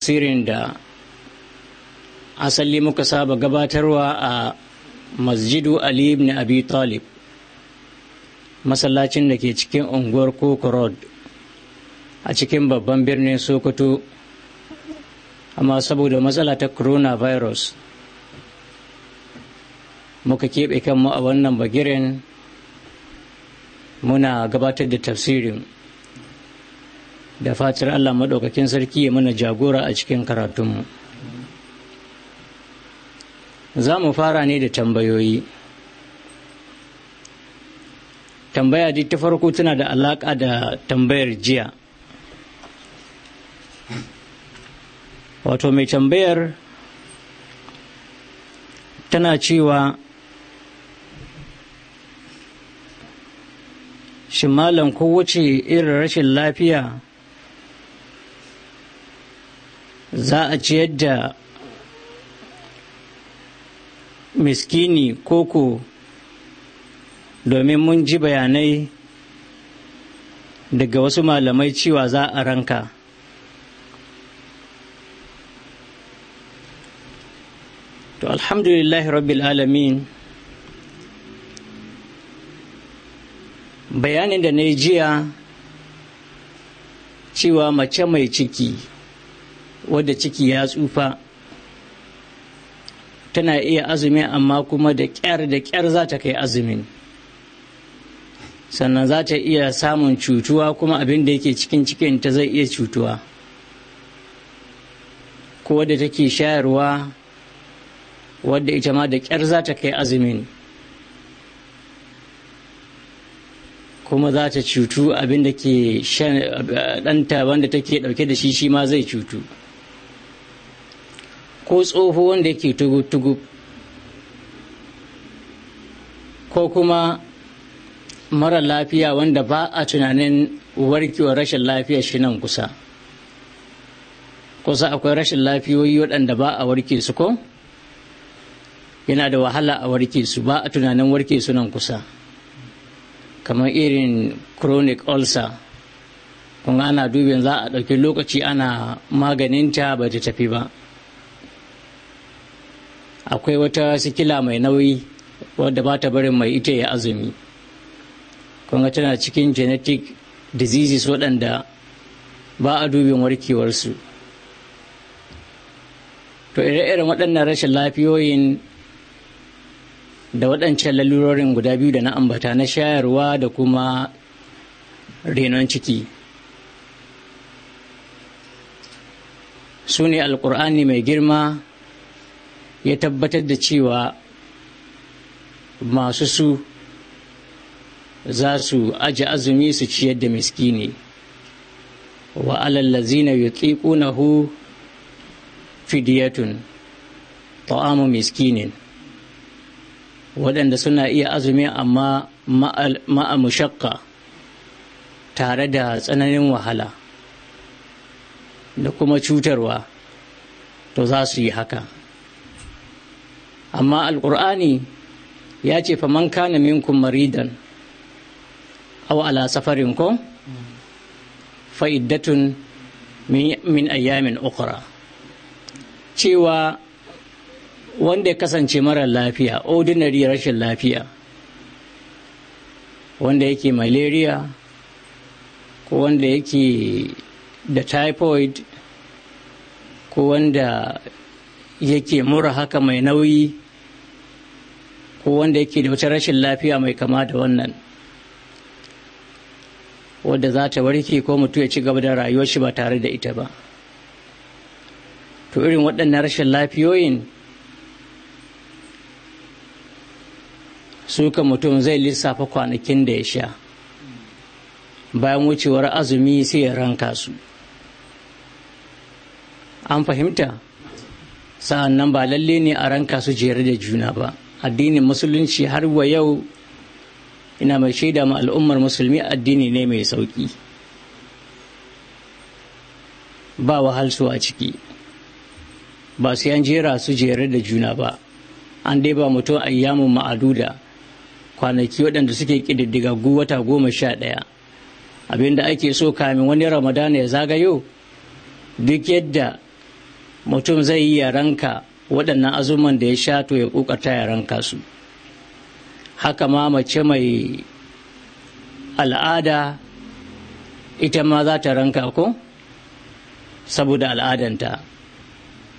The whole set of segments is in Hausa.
tafsirin da asali muka saba gabatarwa a masjidu ali ibn abi talib masallacin da ke cikin unguwar koko road a cikin babban birnin sokoto amma saboda matsala ta coronavirus muka keɓe kanmu a wannan bagiren muna gabatar da tafsirin da fatar Allah maɗaukakin sarki ya mana jagora a cikin karatunmu. Za mu fara ne da tambayoyi. Tambaya dai ta farko tana da alaƙa da tambayar jiya. Wato mai tambayar tana cewa shin malam ko wuce irin rashin lafiya za a ciyar da miskini koko domin mun ji bayanai daga wasu malamai cewa za a ranka to alhamdulillahi rabbil alamin bayanin da na jiya cewa mace mai ciki wadda ciki ya tsufa tana iya azumi amma kuma da kyar da ƙyar za ta kai azumin sannan za ta iya samun cutuwa kuma abin da yake cikin cikin ta zai iya cutuwa ko wadda take shayarwa wadda ita ma da kyar za ta kai azumin kuma za ta cutu abin da ke ɗanta wanda take ɗauke da shi shi ma zai cutu ko tsoho wanda yake tugu-tugu ko kuma mara lafiya wanda ba a tunanin warkewar rashin lafiya shi nan kusa kusa akwai rashin lafiyoyi waɗanda ba a warke su ko yana da wahala a warke su ba a tunanin warke su nan kusa kamar irin chronic ulcer kun ana dubin za a ɗauki lokaci ana maganinta ba ta tafi ba akwai wata sikila mai nauyi wadda ba ta barin mai ita ya azumi kuma tana cikin genetic diseases waɗanda ba a dubin warkewarsu to ire-iren waɗannan rashin lafiyoyin da waɗancan lalurorin guda biyu da na ambata na shayarwa da kuma renon ciki su ne mai girma ya tabbatar da cewa masu su za su aji azumi su ciyar da miskini wa alallazina yutiqunahu fidiyatun ta'amu miskinin waɗanda suna iya azumi amma ma'a mushakka tare da tsananin wahala da kuma cutarwa to za su yi haka amma alƙur'ani ya ce fa man kana minkum maridan aw ala safarin ko iddatun min ayyamin ukra cewa wanda ya kasance mara lafiya ordinary rashin lafiya wanda yake malaria ko wanda yake da typhoid ko wanda yake mura haka mai nauyi ko wanda yake da wata rashin lafiya mai kama da wannan wadda za ta warke ko mutum ya ci gaba da rayuwar shi ba tare da ita ba to irin waɗannan rashin lafiyoyin suka mutum zai lissafa kwanakin da ya sha bayan wucewar azumi sai ya ranka su an fahimta sa'an nan ba lalle ne a ranka su jere da juna ba addinin musulunci har wa yau ina mai shaida ma al'ummar musulmi addini ne mai sauƙi ba wahalsu a ciki ba su yan jera su jere da juna ba an dai ba mutum ayyamun da kwanaki waɗanda suke ƙididdigaggu wata goma sha ɗaya abinda ake so kamin wani ramadana ya zagayo duk yadda mutum zai yi ranka waɗannan azuman da ya sha to ya ƙoƙarta ya ranka su haka ma mace mai al'ada ita ma za ta ranka ko saboda al'adanta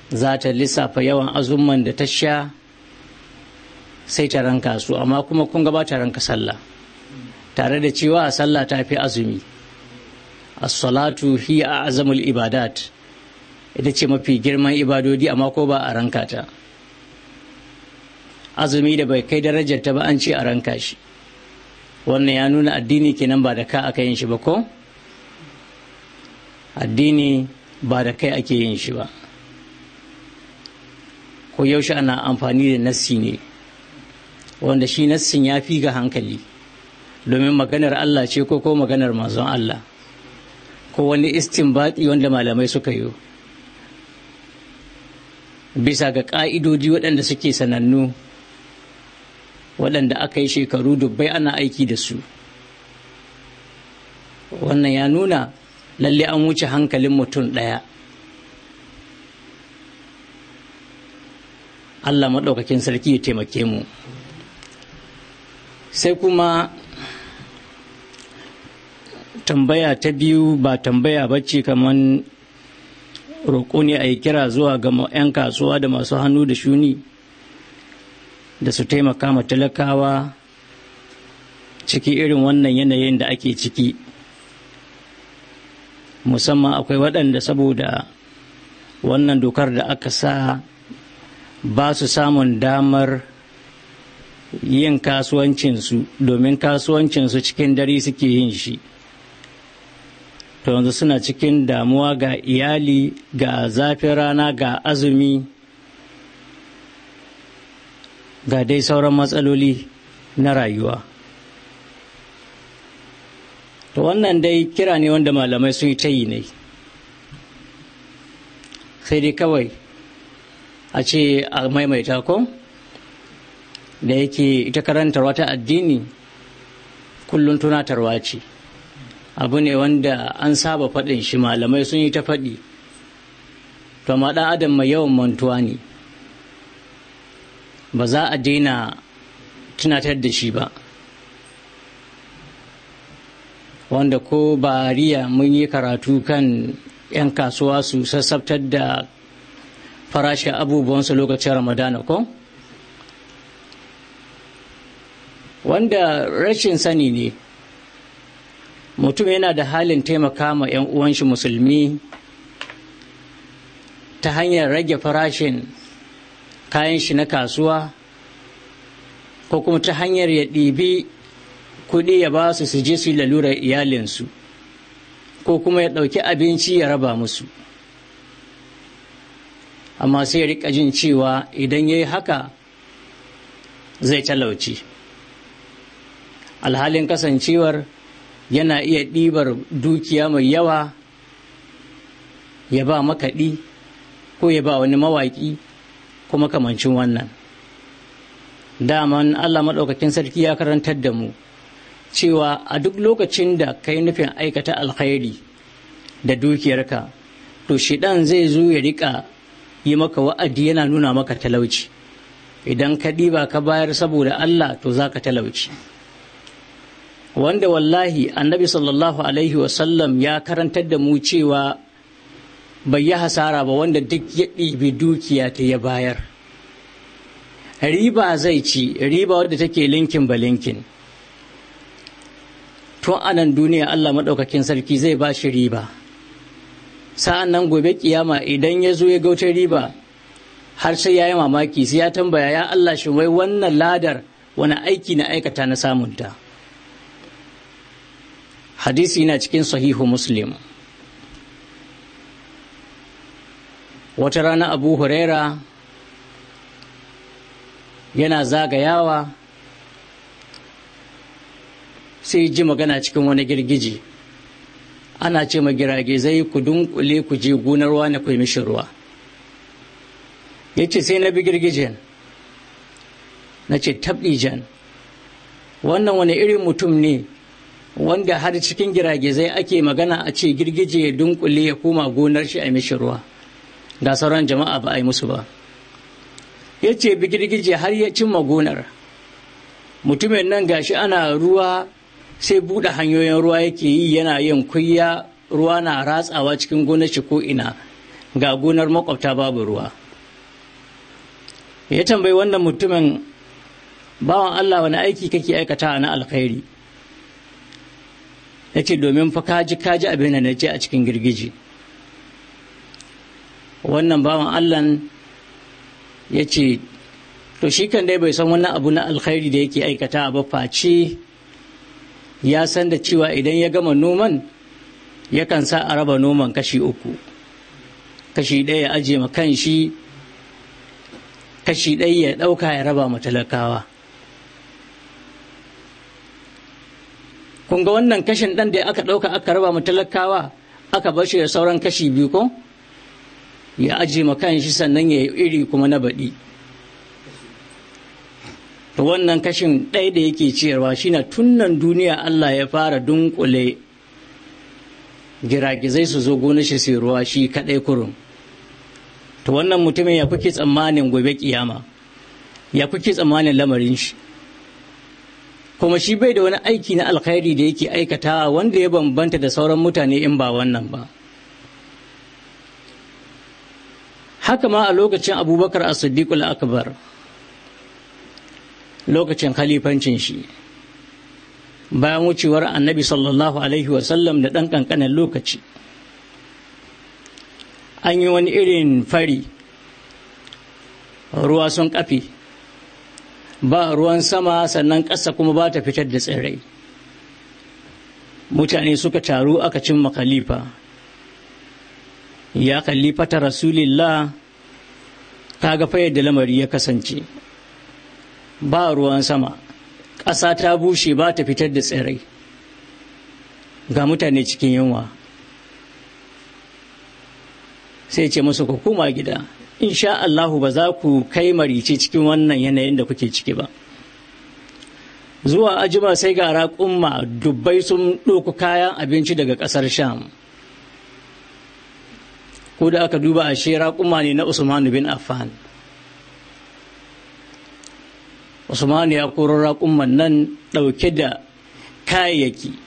za ta lissafa yawan azumman da ta sha sai ta ranka su amma kuma kun gaba ta ranka sallah tare da cewa a sallah ta fi azumi as-salatu hiya a'zamul ibadat ita ce mafi girman ibadodi amma ko ba a ranka ta azumi da bai kai darajar ta ba an ce a ranka shi wannan ya nuna addini kenan ba da ka aka yin shi ba ko addini ba da kai ake yin shi ba ko yaushe ana amfani da nassi ne wanda shi nassin ya fi ga hankali domin maganar Allah ce ko ko maganar manzon Allah ko wani istinbati wanda malamai suka yi bisa ga ƙa'idoji waɗanda suke sanannu waɗanda aka yi shekaru dubbai ana aiki da su wannan ya nuna lalle an wuce hankalin mutum ɗaya allah maɗaukakin sarki ya taimake mu sai kuma tambaya ta biyu ba tambaya ba ce kamar roƙo ne a yi kira zuwa ga 'yan kasuwa da masu hannu da shuni da su taimaka ma talakawa ciki irin wannan yanayin da ake ciki musamman akwai waɗanda saboda wannan dokar da aka sa ba su samun damar yin kasuwancinsu domin kasuwancinsu cikin dare suke yin shi to yanzu suna cikin damuwa ga iyali ga zafin rana ga azumi ga dai sauran matsaloli na rayuwa to wannan dai kira ne wanda malamai sun yi ta yi ne sai dai kawai a ce a maimaita ko da yake ita karantarwa ta addini kullum tunatarwa ce abu ne wanda an saba faɗin shi malamai sun yi ta faɗi to ma ɗan adam mai yawan mantuwa ne ba za a daina tunatar da shi ba wanda ko bariya mun yi karatu kan 'yan kasuwa su sassabtar da farashin abubuwansu lokacin ramadana ko wanda rashin sani ne mutum yana da halin taimaka ma 'yan uwanshi musulmi ta hanyar rage farashin kayan shi na kasuwa ko kuma ta hanyar ya ɗibi kuɗi ya ba su su je su yi lalurar iyalinsu ko kuma ya ɗauki abinci ya raba musu amma sai ya riƙa jin cewa idan ya yi haka zai talauci alhalin kasancewar yana iya ɗibar dukiya mai yawa ya ba makaɗi ko ya ba wani mawaƙi ko makamancin wannan daman allah maɗaukakin sarki ya karantar da mu cewa a duk lokacin da ka yi nufin aikata alkhairi da dukiyarka to shidan zai zo ya rika yi maka wa'adi yana nuna maka talauci idan ka ɗiba ka bayar saboda allah to za ka talauci wanda wallahi annabi sallallahu alaihi wasallam ya karantar da mu cewa bai yi hasara ba wanda duk ya ɗibi dukiya ta ya bayar riba zai ci riba wadda take linkin ba linkin tun anan duniya allah maɗaukakin sarki zai ba shi riba sa'an nan gobe kiyama idan ya zo ya gauta riba har sai ya yi mamaki sai ya tambaya ya allah shi wai wannan ladar wani aiki na aikata na samunta hadisi na cikin sahihu muslim wata rana abu huraira yana zagayawa sai ji magana cikin wani girgiji ana ce ma girage zai ku dunkule ku je gonarwa na ku ruwa ya ce sai na bi girgijen na ce tabdijan wannan wani irin mutum ne wanda har cikin giragizai ake magana a ce girgije ya dunkule ya koma gonar shi a mishi ruwa ga sauran jama'a ba a yi musu ba ya ce bi girgije har ya cimma gonar mutumin nan gashi ana ruwa sai buɗe hanyoyin ruwa yake yi yana yin kuyya ruwa na ratsawa cikin gonar shi ko ina ga gonar makwabta babu ruwa ya tambayi wannan mutumin bawan allah wani aiki kake aikata na alkhairi ya ce domin fa kaji kaji abin da na ce a cikin girgiji wannan bawan allan ya ce to shi kan dai bai san wannan abu na alkhairi da yake aikata ba face ya san da cewa idan ya gama noman yakan sa a raba noman kashi uku kashi ɗaya ya aje ma kan shi kashi ɗaya ya ɗauka ya raba ma talakawa kun ga wannan kashin ɗan da aka ɗauka aka raba talakawa aka bar shi da sauran kashi biyu ko ya ajiye ma kan shi sannan ya yi iri kuma na baɗi to wannan kashin ɗaya da yake ciyarwa shine tunnan duniya Allah ya fara dunkule giragizai su zo gona shi su ruwa shi kaɗai kurum. to wannan mutumin ya kuke tsammanin gobe kiyama ya kuke tsammanin lamarin shi kuma shi bai da wani aiki na alkhairi da yake aikata wanda ya bambanta da sauran mutane in ba wannan ba haka ma a lokacin abubakar a siddiqul akbar lokacin khalifancin shi bayan wucewar annabi sallallahu alaihi wasallam da ɗan ƙanƙanin lokaci an yi wani irin fari ruwa sun ƙafe ba ruwan sama sannan ƙasa kuma ba ta fitar da tsirrai mutane suka taru aka cimma khalifa ya khalifa ta rasulillah ta ga yadda lamari ya kasance ba ruwan sama ƙasa ta bushe ba ta fitar da tsirrai ga mutane cikin yunwa sai ce musu ku koma gida insha Allahu ba za ku kai marice cikin wannan yanayin da kuke ciki ba zuwa ajima sai ga raƙumma dubbai sun ɗoku kayan abinci daga ƙasar sham ko da aka duba ashe raƙuma ne na usmanu bin affan usmanu ya koro raƙumman nan ɗauke da kayayyaki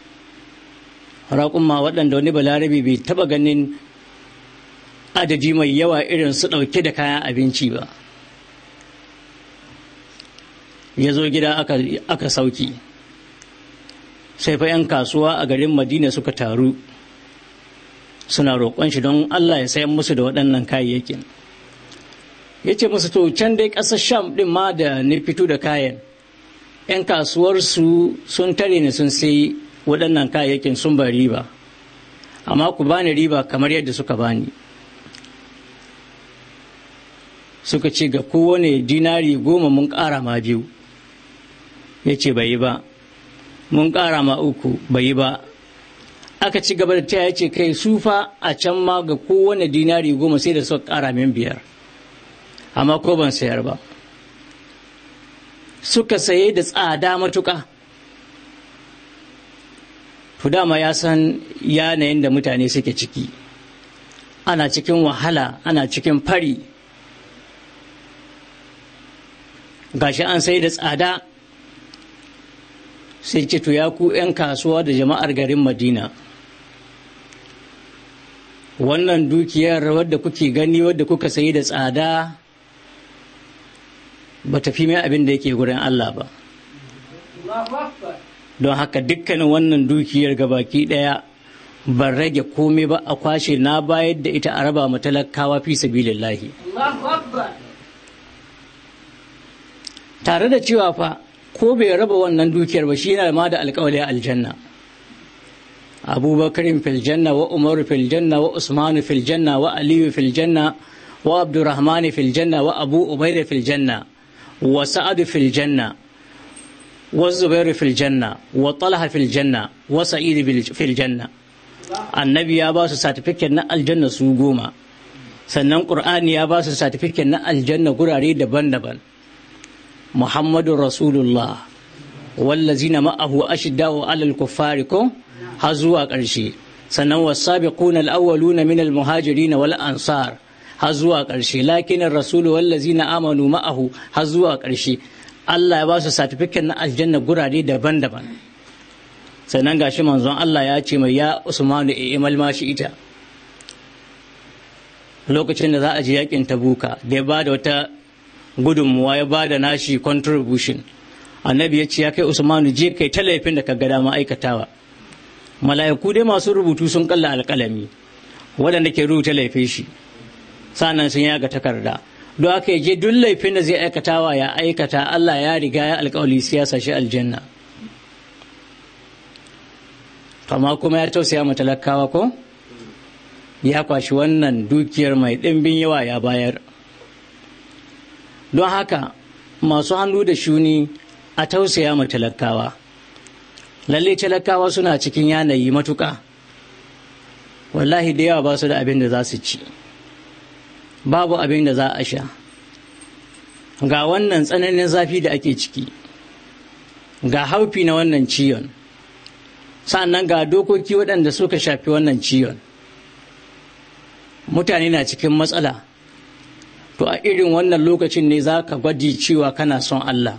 raƙumma waɗanda wani balarabi bai taɓa ganin adadi mai yawa irin su ɗauke da kayan abinci ba ya zo gida aka sauki sai fa 'yan kasuwa a garin madina suka taru suna roƙon shi don allah ya sayan musu da waɗannan kayayyakin ya ce musu to can dai ƙasar sham ɗin ma da ni fito da kayan 'yan kasuwarsu sun tare ni sun sai waɗannan kayayyakin sun ba riba amma ku bani riba kamar yadda suka bani suka ce ga kowane dinari goma mun ƙara ma biyu ya ce bai yi ba mun ƙara ma uku bai yi ba aka ci gaba da ya ce kai sufa a can ma ga kowane dinari goma sai da suka ƙara min biyar amma ko ban sayar ba suka saye da tsada matuƙa to dama ya san yanayin da mutane suke ciki ana cikin wahala ana cikin fari gashi an sai da tsada sai ce ya ku 'yan kasuwa da jama'ar garin madina wannan dukiyar wadda kuke gani wadda kuka sayi da tsada ba tafi mai abin da yake gurin Allah ba don haka dukkanin wannan dukiyar ga baki daya ban rage komai ba a kwashe na bayar da ita a raba matalakawa fi sabilillahi tare da cewa fa ko bai raba wannan dukiyar ba shi yana ma da alƙawali a aljanna abubakar fil janna wa umar fil janna wa usman fil janna wa aliyu fil wa abdurrahman fil janna wa abu ubaida fil wa sa'ad fil wa zubair fil wa talha fil wa sa'id fil annabi ya ba su certificate na aljanna su goma sannan qur'ani ya ba su certificate na aljanna gurare daban-daban muhammadu rasulullah wallazina ma'ahu ashiddaw alal kuffari ko har zuwa ƙarshe sannan wasabiquna al-awwaluna min al-muhajirin wal ansar har zuwa ƙarshe lakin rasulu wallazina amanu ma'ahu har zuwa karshe. Allah ya basu su na aljanna gurare daban-daban sannan gashi manzon Allah ya ce mai ya Usmanu eh, imal mashi ita lokacin da za a je yakin tabuka da ya ba da wata gudunmuwa ya ba da nashi contribution annabi ya ce ya kai usmanu je kai ta laifin da ka ga dama aikatawa mala'iku dai masu rubutu sun kalla alƙalami waɗanda ke rubuta laifin shi sanan sun yaga takarda don aka je duk laifin da zai aikatawa ya aikata Allah ya riga ya alƙawali siyasa shi aljanna kama kuma ya tausaya ma talakawa ko ya kwashi wannan dukiyar mai ɗimbin yawa ya bayar don haka masu hannu da shuni a tausaya ma talakawa lalle talakawa suna cikin yanayi matuƙa wallahi da yawa ba su da abin da za su ci babu abin da za a sha ga wannan tsananin zafi da ake ciki ga haufi na wannan ciyon sannan ga dokoki waɗanda suka shafi wannan ciyon mutane na cikin matsala to a irin wannan lokacin ne za ka gwadi cewa kana son Allah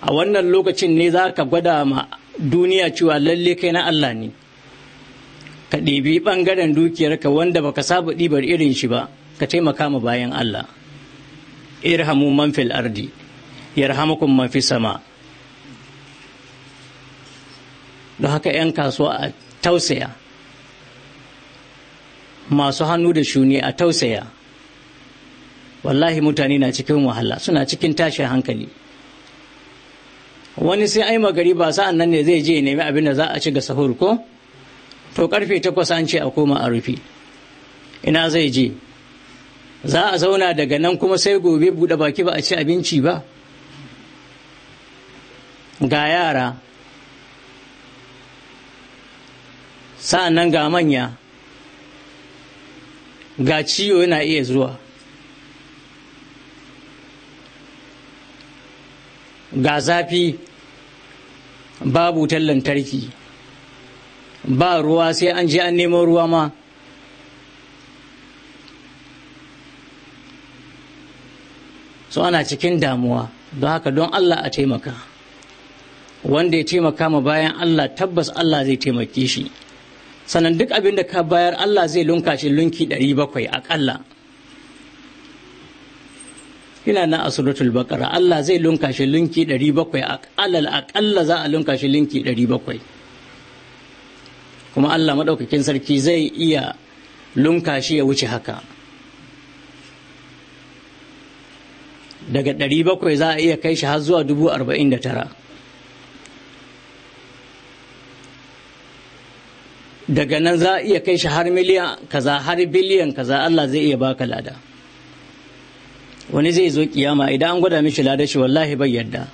a wannan lokacin ne za ka gwada ma duniya cewa lalle kai na Allah ne ka ɗebi ɓangaren dukiyarka wanda baka saba ɗibar irin shi ba ka taimaka ma bayan Allah irhamu man fil ardi yarhamukum man fis sama don haka 'yan kasuwa a tausaya masu hannu da shuni a tausaya wallahi mutane na cikin wahala suna cikin tashin hankali wani sai ai magari ba sa'an nan ne zai je ya nemi abin da za a ci ga sahur ko to karfe takwas an ce a koma a rufe ina zai je za a zauna daga nan kuma sai gobe buɗe baki ba a ci abinci ba ga yara sa'an nan ga manya ga ciwo yana iya zuwa ga zafi babu wutar lantarki ba ruwa sai an je an nemo ruwa ma so ana cikin damuwa don haka don Allah a taimaka wanda ya taimaka ma bayan Allah tabbas Allah zai taimake shi sannan duk abin da ka bayar Allah zai lunka shi lunki 700 akalla yana nan a suratul bakar, Allah zai lunka shi linki 700 alal aqalla za a lunka shi ɗari 700 kuma Allah maɗaukakin sarki zai iya lunka shi ya wuce haka daga 700 za a iya kai shi har zuwa dubu arba'in da tara. daga nan za a iya kai shi har miliyan kaza har biliyan kaza Allah zai iya baka lada wani zai zo kiyama idan an gwada mishi ladar shi wallahi bai yadda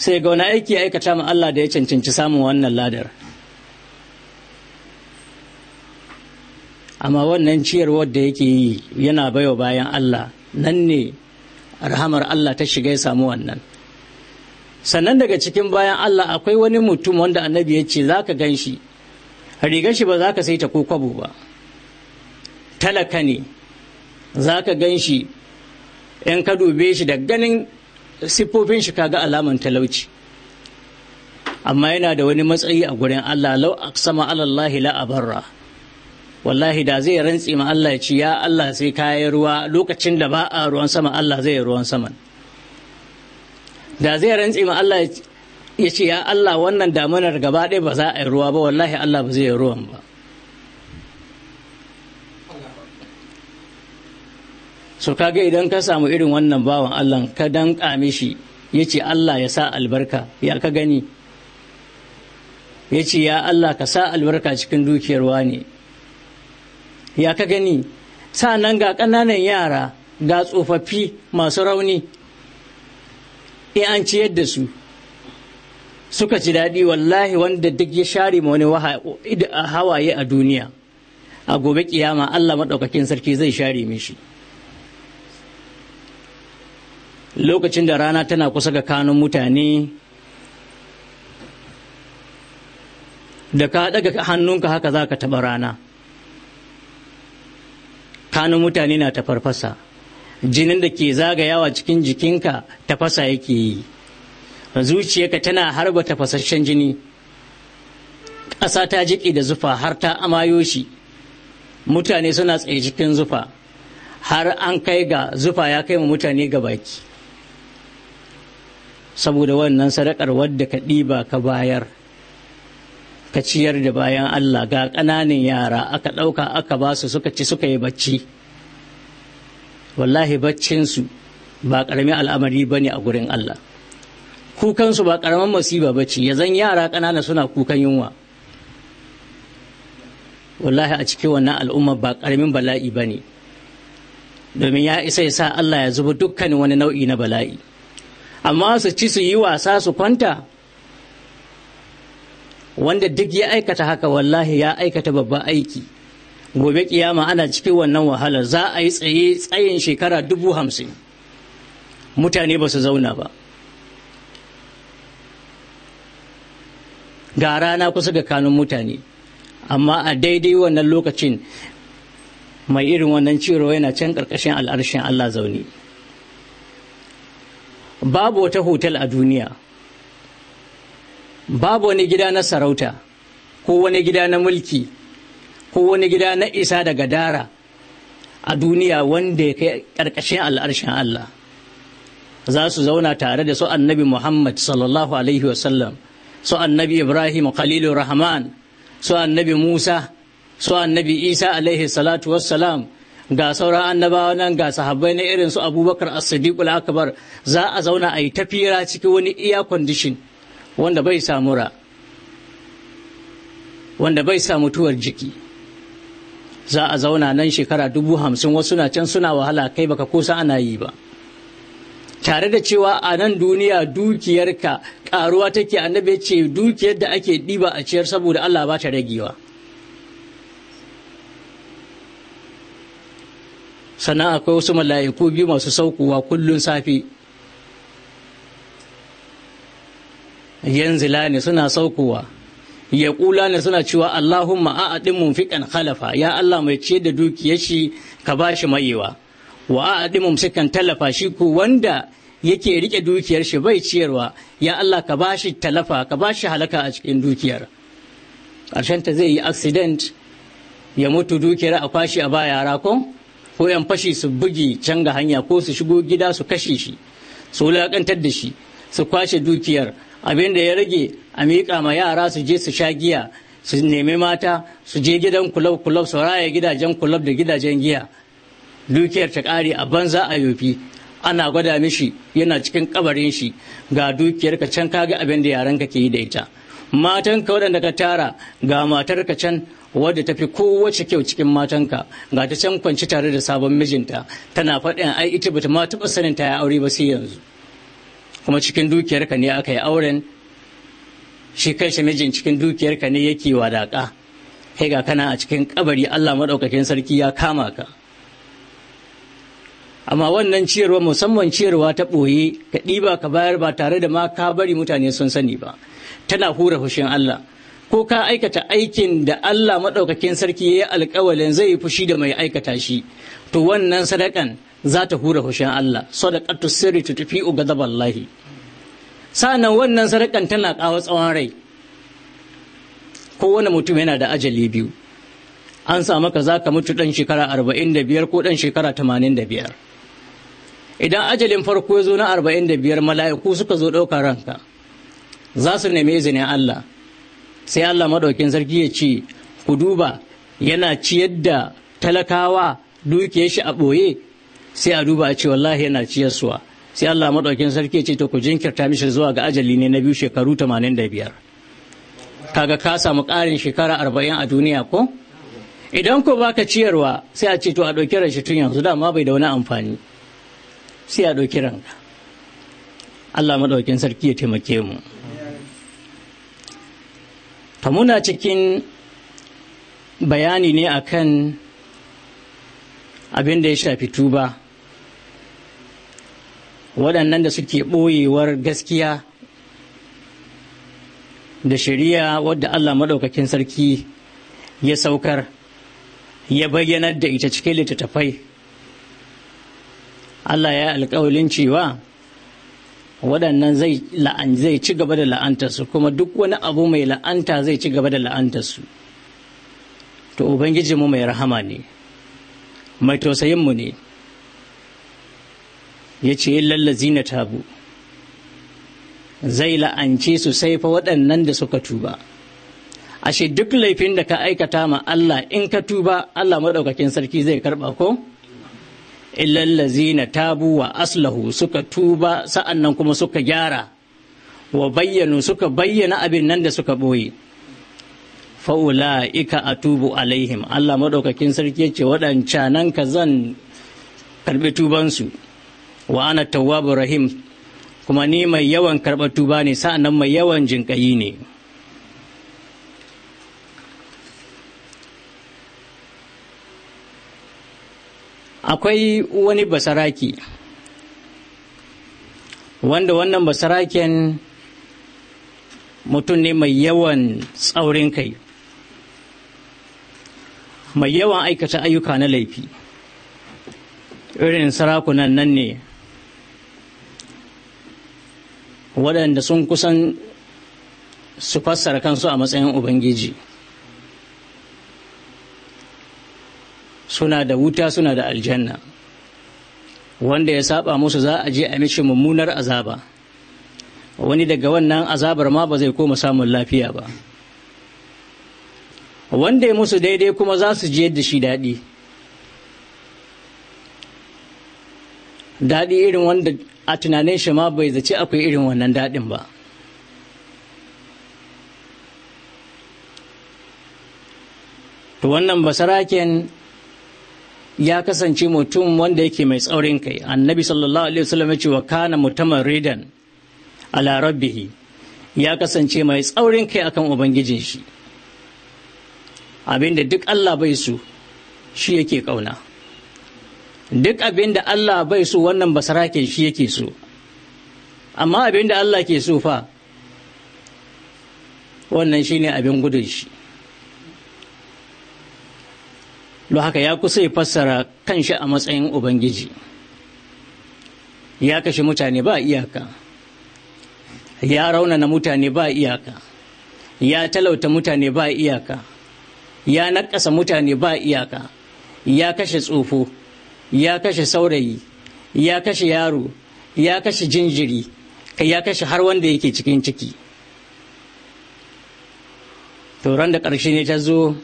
sai ga wani aiki ya aikata ma Allah da ya cancanci samun wannan ladar amma wannan ciyarwar da yake yi yana baiwa bayan Allah nan ne rahamar Allah ta shiga ya samu wannan sannan daga cikin bayan Allah akwai wani mutum wanda annabi ya ce za ka gan shi rigar shi ba za ka sai ta ko kwabo ba talaka ne za ka gan shi Yan ka dube shi da ganin siffofin shi kaga alaman talauci amma yana da wani matsayi a gurin Allah lau aqsama ala Allah la abarra wallahi da zai rantsi ma Allah ya ci ya Allah sai kayi ruwa lokacin da ba a ruwan sama Allah zai ruwan saman da zai rantsi ma Allah ya ce ya Allah wannan damunar gaba ɗaya ba za a yi ruwa ba wallahi Allah ba zai yi ruwan ba so kaga idan ka samu irin wannan bawan Allah ka danƙa mishi ce Allah ya sa albarka ya ka gani ya ce ya Allah ka sa albarka cikin dukiyar wani ya ka gani nan ga ƙananan yara ga tsofaffi masu rauni in an ciyar da su suka ci daɗi wallahi wanda duk ya share ma wani hawaye a duniya a gobe kiyama Allah maɗaukakin sarki zai share mishi. shi lokacin da rana tana kusa ga kanun mutane da ka daga hannunka haka za ka taɓa rana kanun mutane na tafarfasa jinin da ke zagayawa cikin jikinka tafasa yake yi zuciyarka tana harba tafasasshen jini ƙasa ta jiƙe da zufa har ta amayo shi mutane suna tsaye cikin zufa har an kai ga zufa ya kai mutane ga baki saboda wannan sadakar wadda ka ɗiba ka bayar ka ciyar da bayan Allah ga ƙananan yara aka ɗauka aka ba su suka ci suka yi bacci wallahi baccinsu ba ƙaramin al'amari ba ne a gurin Allah kukansu ba ƙaramin masiba ba ce ya yara ƙanana suna kukan yunwa wallahi a cikin wannan al'umma ba ƙaramin bala'i ba ne domin ya isa ya sa Allah ya zuba dukkanin wani nau'i na bala'i amma su ci su yi wasa su kwanta wanda duk ya aikata haka wallahi ya aikata babban aiki gobe kiyama ana cikin wannan wahalar za a yi tsaye tsayin shekara dubu hamsin mutane ba su zauna ba ga rana kusa ga kanun mutane amma a daidai wannan lokacin mai irin wannan ciro yana can ƙarƙashin al'arshin Allah zaune. babu wata hotel a duniya babu wani gida na sarauta ko wani gida na mulki ko wani gida na isa daga dara a duniya wanda ya kai ƙarƙashin al'arshin Allah za su zauna tare da su annabi Muhammad sallallahu alaihi wasallam su annabi Ibrahim khalilu Rahman su annabi Musa su annabi Isa alaihi salatu wassalam ga sauran annabawa nan ga sahabbai na irin su abubakar as-siddiqul akbar za a zauna a yi tafira cikin wani iya condition wanda bai samu ra wanda bai samu mutuwar jiki za a zauna nan shekara dubu hamsin wasu na can suna wahala kai baka kusa ana yi ba tare da cewa a nan duniya dukiyarka karuwa take annabi ce dukiyar da ake ɗiba a ciyar saboda Allah ba ta ragewa sannan akwai wasu mala'iku biyu masu saukowa kullun safe yanzila ne suna saukowa ya kula ne suna cewa Allahumma a'adin munfiqan khalafa ya Allah mai ciyar da dukiyar shi ka ba shi mayewa wa a'adin mumsikan talafa shi ko wanda yake rike dukiyar shi bai ciyarwa ya Allah ka ba shi talafa ka ba shi halaka a cikin dukiyar ƙarshen ta zai yi accident ya mutu dukiyar a kwashi a ba yara ko ko yan fashi su bugi can ga hanya ko su shigo gida su kashe shi su wulaƙantar da shi su kwashe dukiyar abin da ya rage a miƙa ma yara su je su sha giya su nemi mata su je gidan kulab kulab su raya gidajen kulab da gidajen giya dukiyar ta ƙare a banza a yofi ana gwada mishi yana cikin kabarin shi ga dukiyar ka can kaga abin da yaran ka ke yi da ita matan ka waɗanda ka tara ga matar ka can wadda tafi kowace kyau cikin matanka ga ta can kwanci tare da sabon mijinta tana faɗin ai ita bata ma taɓa sanin ta ya aure ba sai yanzu kuma cikin dukiyarka ne aka yi auren shi kanshi mijin cikin dukiyarka ne yake wadaƙa kai ga kana a cikin kabari Allah maɗaukakin sarki ya kama ka amma wannan ciyarwa musamman ciyarwa ta ɓoye ka ɗiba ka bayar ba tare da ma ka bari mutane sun sani ba tana hura hushin Allah ko ka aikata aikin da Allah maɗaukakin sarki ya yi alƙawalin zai fushi da mai aikata shi to wannan sadakan za ta hura fushin Allah sadaqatu sirri tutfi'u ghadaballahi sa'annan wannan sadakan tana kawo tsawon rai kowane mutum yana da ajali biyu an sa maka za ka mutu ɗan shekara arba'in da biyar ko ɗan shekara tamanin da biyar idan ajalin farko ya zo na arba'in da biyar mala'iku suka zo ɗaukar ranka za su nemi izinin Allah sai Allah maɗaukin sarki ya ce ku duba yana ciyar da talakawa dukiyar shi a ɓoye sai a duba a ce wallahi yana ciyarsuwa sai Allah maɗaukin sarki ya ce to ku jinkirta mishi zuwa ga ajali ne na biyu shekaru 85 kaga ka samu ƙarin shekara 40 a duniya ko idan ko baka ciyarwa sai a ce to a ɗauki ran tun yanzu dama bai da wani amfani sai a ɗauki ranka Allah maɗaukin sarki ya taimake mu To muna cikin bayani ne akan abin da ya shafi tuba waɗannan da suke ɓoyewar gaskiya da shari'a wadda Allah maɗaukakin sarki ya saukar ya bayyanar da ita cikin littattafai Allah ya alƙawalin cewa waɗannan zai ci gaba da la'antarsu kuma duk wani abu mai la'anta zai ci gaba da la'antarsu to mu mai rahama ne mai tausayin mu ne ya ce lallazi na tabu zai la'ance su sai fa waɗannan da suka tuba ashe duk laifin da ka aikata ma Allah in ka tuba Allah maɗaukakin sarki zai karɓa ko? illallazina tabu wa aslahu suka tuba sa'annan kuma suka gyara wa bayyanu suka bayyana abin nan da suka boye fa'ula'ika tubu alaihim Allah maɗaukakin sarki ce waɗanca nan ka zan karɓi tubansu wa ana tawwabu rahim kuma ni mai yawan karɓar tuba ne sa'annan mai yawan jinƙayi ne akwai wani basaraki wanda wannan basaraken mutum ne mai yawan tsaurin kai mai yawan aikata ayyuka na laifi irin sarakunan nan ne waɗanda sun kusan su fassara kansu a matsayin ubangiji suna da wuta suna da aljanna wanda ya saba musu za a je a mishi mummunar azaba wani daga wannan azabar ma ba zai koma samun lafiya ba wanda ya musu daidai kuma za su je da shi daɗi daɗi irin wanda a tunanin shi ma bai zaci akwai irin wannan daɗin ba to wannan basaraken ya kasance mutum wanda yake mai tsaurin kai annabi sallallahu alaihi wasallam yace wa kana mutaman ridan ala rabbih ya kasance mai tsaurin kai akan ubangijin shi abinda duk Allah bai so shi yake kauna duk abinda Allah bai so wannan basarake shi yake so amma abinda Allah ke so fa wannan shine abin gudun shi don haka ya kusa ya fassara kanshi a matsayin ubangiji ya kashe mutane ba iyaka ya raunana mutane ba iyaka ya talauta mutane ba iyaka ya nakasa mutane ba iyaka ya kashe tsofo ya kashe saurayi ya kashe yaro ya kashe jinjiri ya kashe har wanda yake cikin ciki to da ƙarshe ne ta zo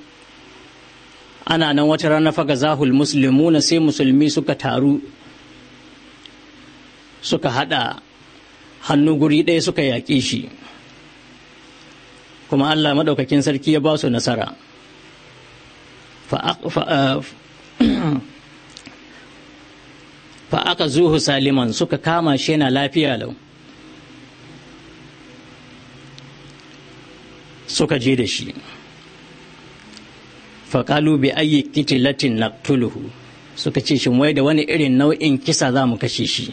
ana nan wata rana faga zahul na sai musulmi suka taru suka hada hannu guri ɗaya suka yaƙe shi kuma allah maɗaukakin sarki ya ba su nasara fa eh, aka zuhu saliman suka kama shi yana lafiya lau suka je da shi faƙalu bi ayi na tuluhu suka ce shin wai da wani irin nau'in kisa za mu kashe shi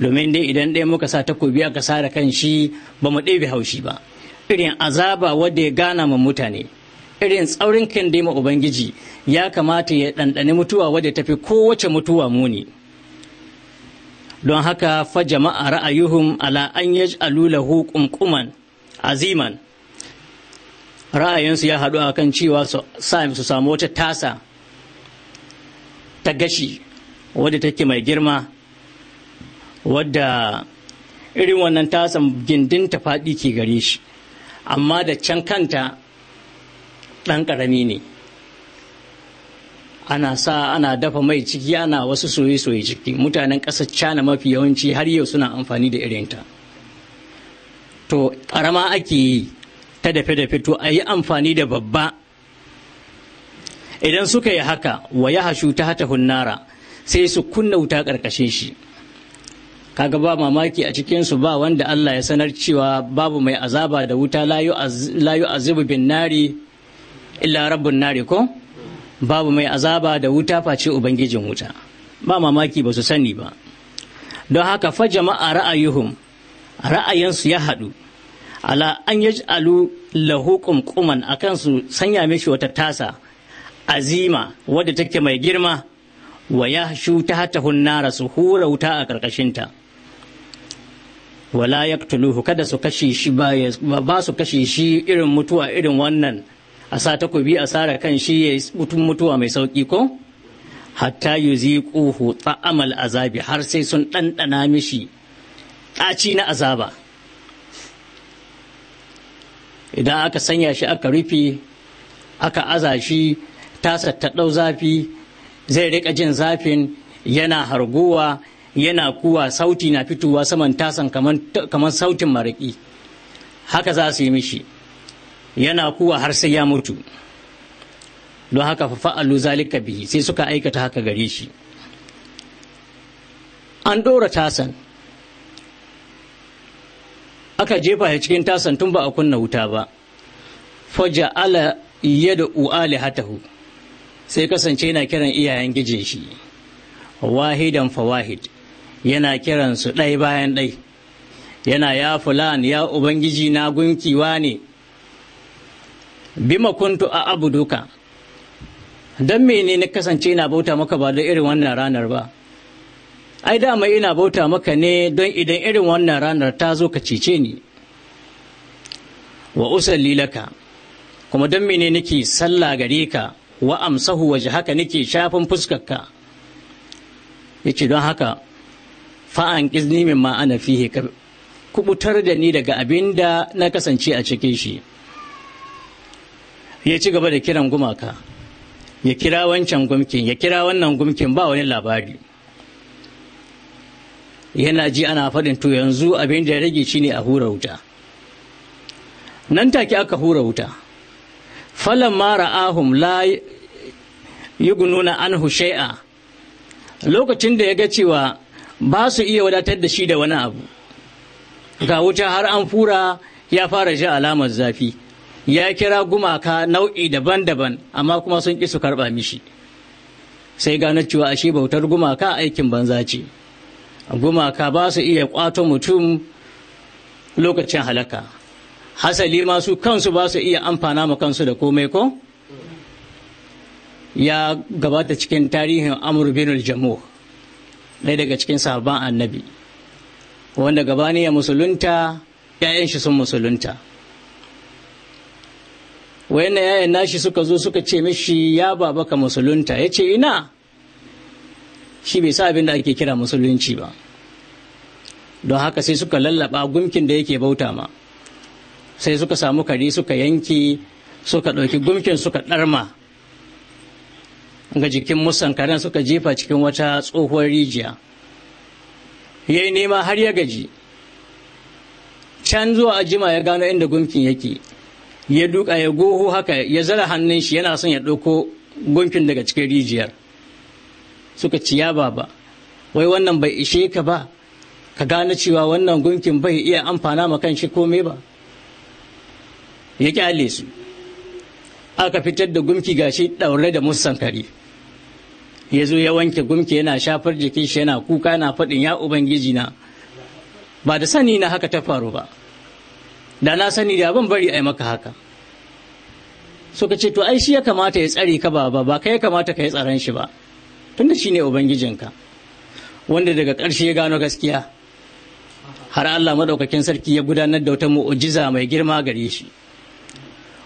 domin dai idan ɗaya muka sa takobi aka sare kan shi ba mu ɗebe haushi ba irin azaba wadda ya gana ma mutane irin tsaurin kan dai ma ubangiji ya kamata ya ɗanɗani mutuwa wadda tafi kowace mutuwa muni don haka fa jama'a ra'ayuhum ala an yaj'alu lahu qumquman aziman ra'ayinsu ya haɗu a kan cewa su samu wata tasa ta gashi wadda take mai girma wadda irin wannan tasan gindin ta faɗi ke gare shi amma da can kanta ɗan ƙarami ne ana sa ana dafa mai ciki ana wasu soye-soye ciki mutanen ƙasar cana mafi yawanci har yau suna amfani da irinta to ƙarama ake yi ta dafe-dafe to a yi amfani da babba idan suka yi haka wa ya hashu ta hata hunnara sai su kunna wuta karkashe shi kaga ba mamaki a cikinsu ba wanda Allah ya sanar cewa babu mai azaba da wuta layu azibu bin nari illa rabbun nari ko babu mai azaba da wuta face ubangijin wuta ba mamaki ba su sani ba don haka fa jama'a ra'ayuhum ra'ayinsu ya haɗu ala an Alu, lahu kumkuman akan su sanya mishi wata tasa azima wadda take mai girma wa ya shu ta hata hunnara su hura wuta a ƙarƙashinta wala ya tuluhu kada su kashe shi ba su kashe shi irin mutuwa irin wannan a sa takobi a sara kan shi ya mutum mutuwa mai sauki ko hatta yuziquhu ta'amal azabi har sai sun ɗanɗana mishi ɗaci na azaba idan aka sanya shi aka rufe aka aza shi tasa ta ɗau zafi zai riƙa jin zafin yana harguwa yana kuwa sauti na fitowa saman tasan kamar sautin maraƙi haka za su yi mishi yana kuwa har sai ya mutu don haka fa fa'alu zalika bihi sai suka aikata haka gare shi an ɗora tasan aka jefa shi cikin tasan tun ba a kunna wuta ba faja ala yadda u'ali hatahu sai kasance yana kiran iyayen gijin shi wahidan fawahid yana kiran su ɗai bayan ɗai yana ya fulan ya ubangiji na gunkiwa ne bima kuntu a Abu-Duka. don mene na kasance na bauta maka ba da irin wannan ranar ba ai dama ina bauta maka ne don idan irin wannan ranar ta zo ka cece ni wa usalli laka kuma don mene nake sallah gare ka wa amsahu waje haka nake shafin fuskarka ya ce don haka fa'an ƙizni min ma ana fihe ka kubutar da ni daga abin da na kasance a cikin shi ya ci gaba da kiran gumaka ya kira wancan gumkin ya kira wannan gumkin ba wani labari yana ji ana faɗin to yanzu abin da ya rage shi ne a hura wuta nan take aka hura wuta falon mara ahum la gununa an shay'a lokacin da ya ga cewa ba su iya wadatar da shi da wani abu ga wuta har an fura ya fara ji alamar zafi ya kira gumaka nau'i daban-daban amma kuma sun ƙi su karɓa mishi sai gano cewa ashe bautar gumaka aikin banza ce gumaka ba su iya kwato mutum lokacin halaka hasali masu kansu ba su iya amfana ma kansu da komai ko ya gabata cikin tarihin amur bin jamu ɗaya daga cikin sahabban annabi wanda gabani ya musulunta yayan shi sun musulunta wayannan yayan nashi suka zo suka ce mishi ya baba ka musulunta ya ce ina shi bai sa abin da ake kira musulunci ba don haka sai suka lallaba gumkin da yake bauta ma sai suka samu kari suka yanki suka ɗauki gumkin suka ɗarma ga jikin musan karen suka jefa cikin wata tsohuwar rijiya ya yi nema har ya gaji can zuwa ajima ya gano inda gumkin yake ya duka ya goho haka ya zara hannun shi yana son ya ɗauko gumkin daga cikin rijiyar suka ciya ba wai wannan bai ishe ka ba ka gane cewa wannan gunkin bai iya amfana ma kan shi komai ba ya kyale su aka fitar da gumki gashi ɗaure da musan kare ya zo ya wanke gunki yana shafar jikin shi yana kuka yana faɗin ya ubangiji na ba da sani na haka ta faru ba da na sani da ban bari a yi maka haka suka ce to ai shi ya kamata ya tsare ka ba ba kai ya kamata ka yi tsaron shi ba tunda shi ne ubangijinka wanda daga ƙarshe ya gano gaskiya har Allah maɗaukakin sarki ya gudanar da wata mu'ujiza mai girma gare shi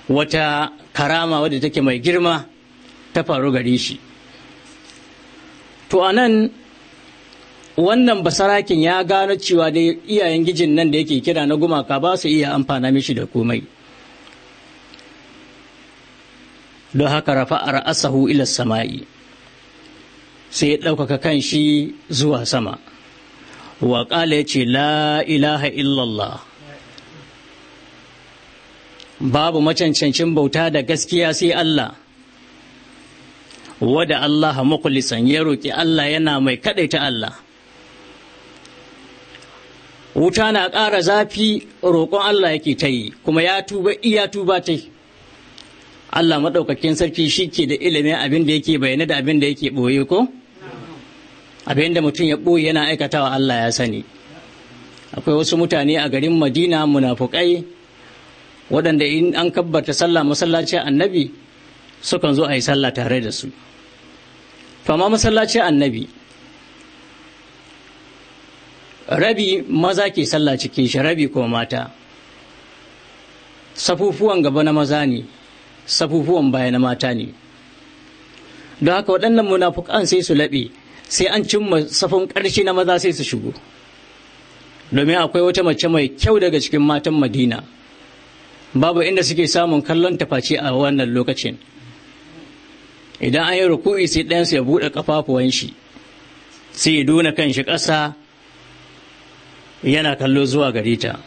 wata karama wadda take mai girma ta faru gare shi to a nan, wannan basarakin ya gano cewa da iyayen gijin nan da yake kira na gumaka ba su iya amfana mishi da komai don haka rafa'ar asahu ila sama'i sai ya ɗaukaka kan shi zuwa sama wa ƙala ya ce la ilaha illallah babu macancancin bauta da gaskiya sai Allah wada Allah makulisan ya roƙi Allah yana mai kaɗaita Allah wuta na ƙara zafi roƙon Allah yake ta yi kuma ya tuba iya tuba ta Allah maɗaukakin sarki shi ke da ilimin abin da yake bayyana da abin da yake ɓoye ko? Abinda mutum ya ɓoye yana aikatawa Allah ya sani akwai wasu mutane a garin madina munafukai waɗanda in an kabbata sallah masallaci annabi sukan zo a yi sallah tare da su fama masallaci annabi rabi maza ke sallah cikin shi rabi ko mata safufuwan gaba na maza ne safufuwan baya na mata ne don haka waɗannan munafukan sai su laɓe sai an cimma safin ƙarshe na maza sai su shigo domin akwai wata mace mai kyau daga cikin matan madina babu inda suke samun kallon tafaci a wannan lokacin idan an yi ruku'i sai ɗayansu ya buɗe ƙafafuwan shi sai ya duna kan shi ƙasa yana kallo zuwa gare ta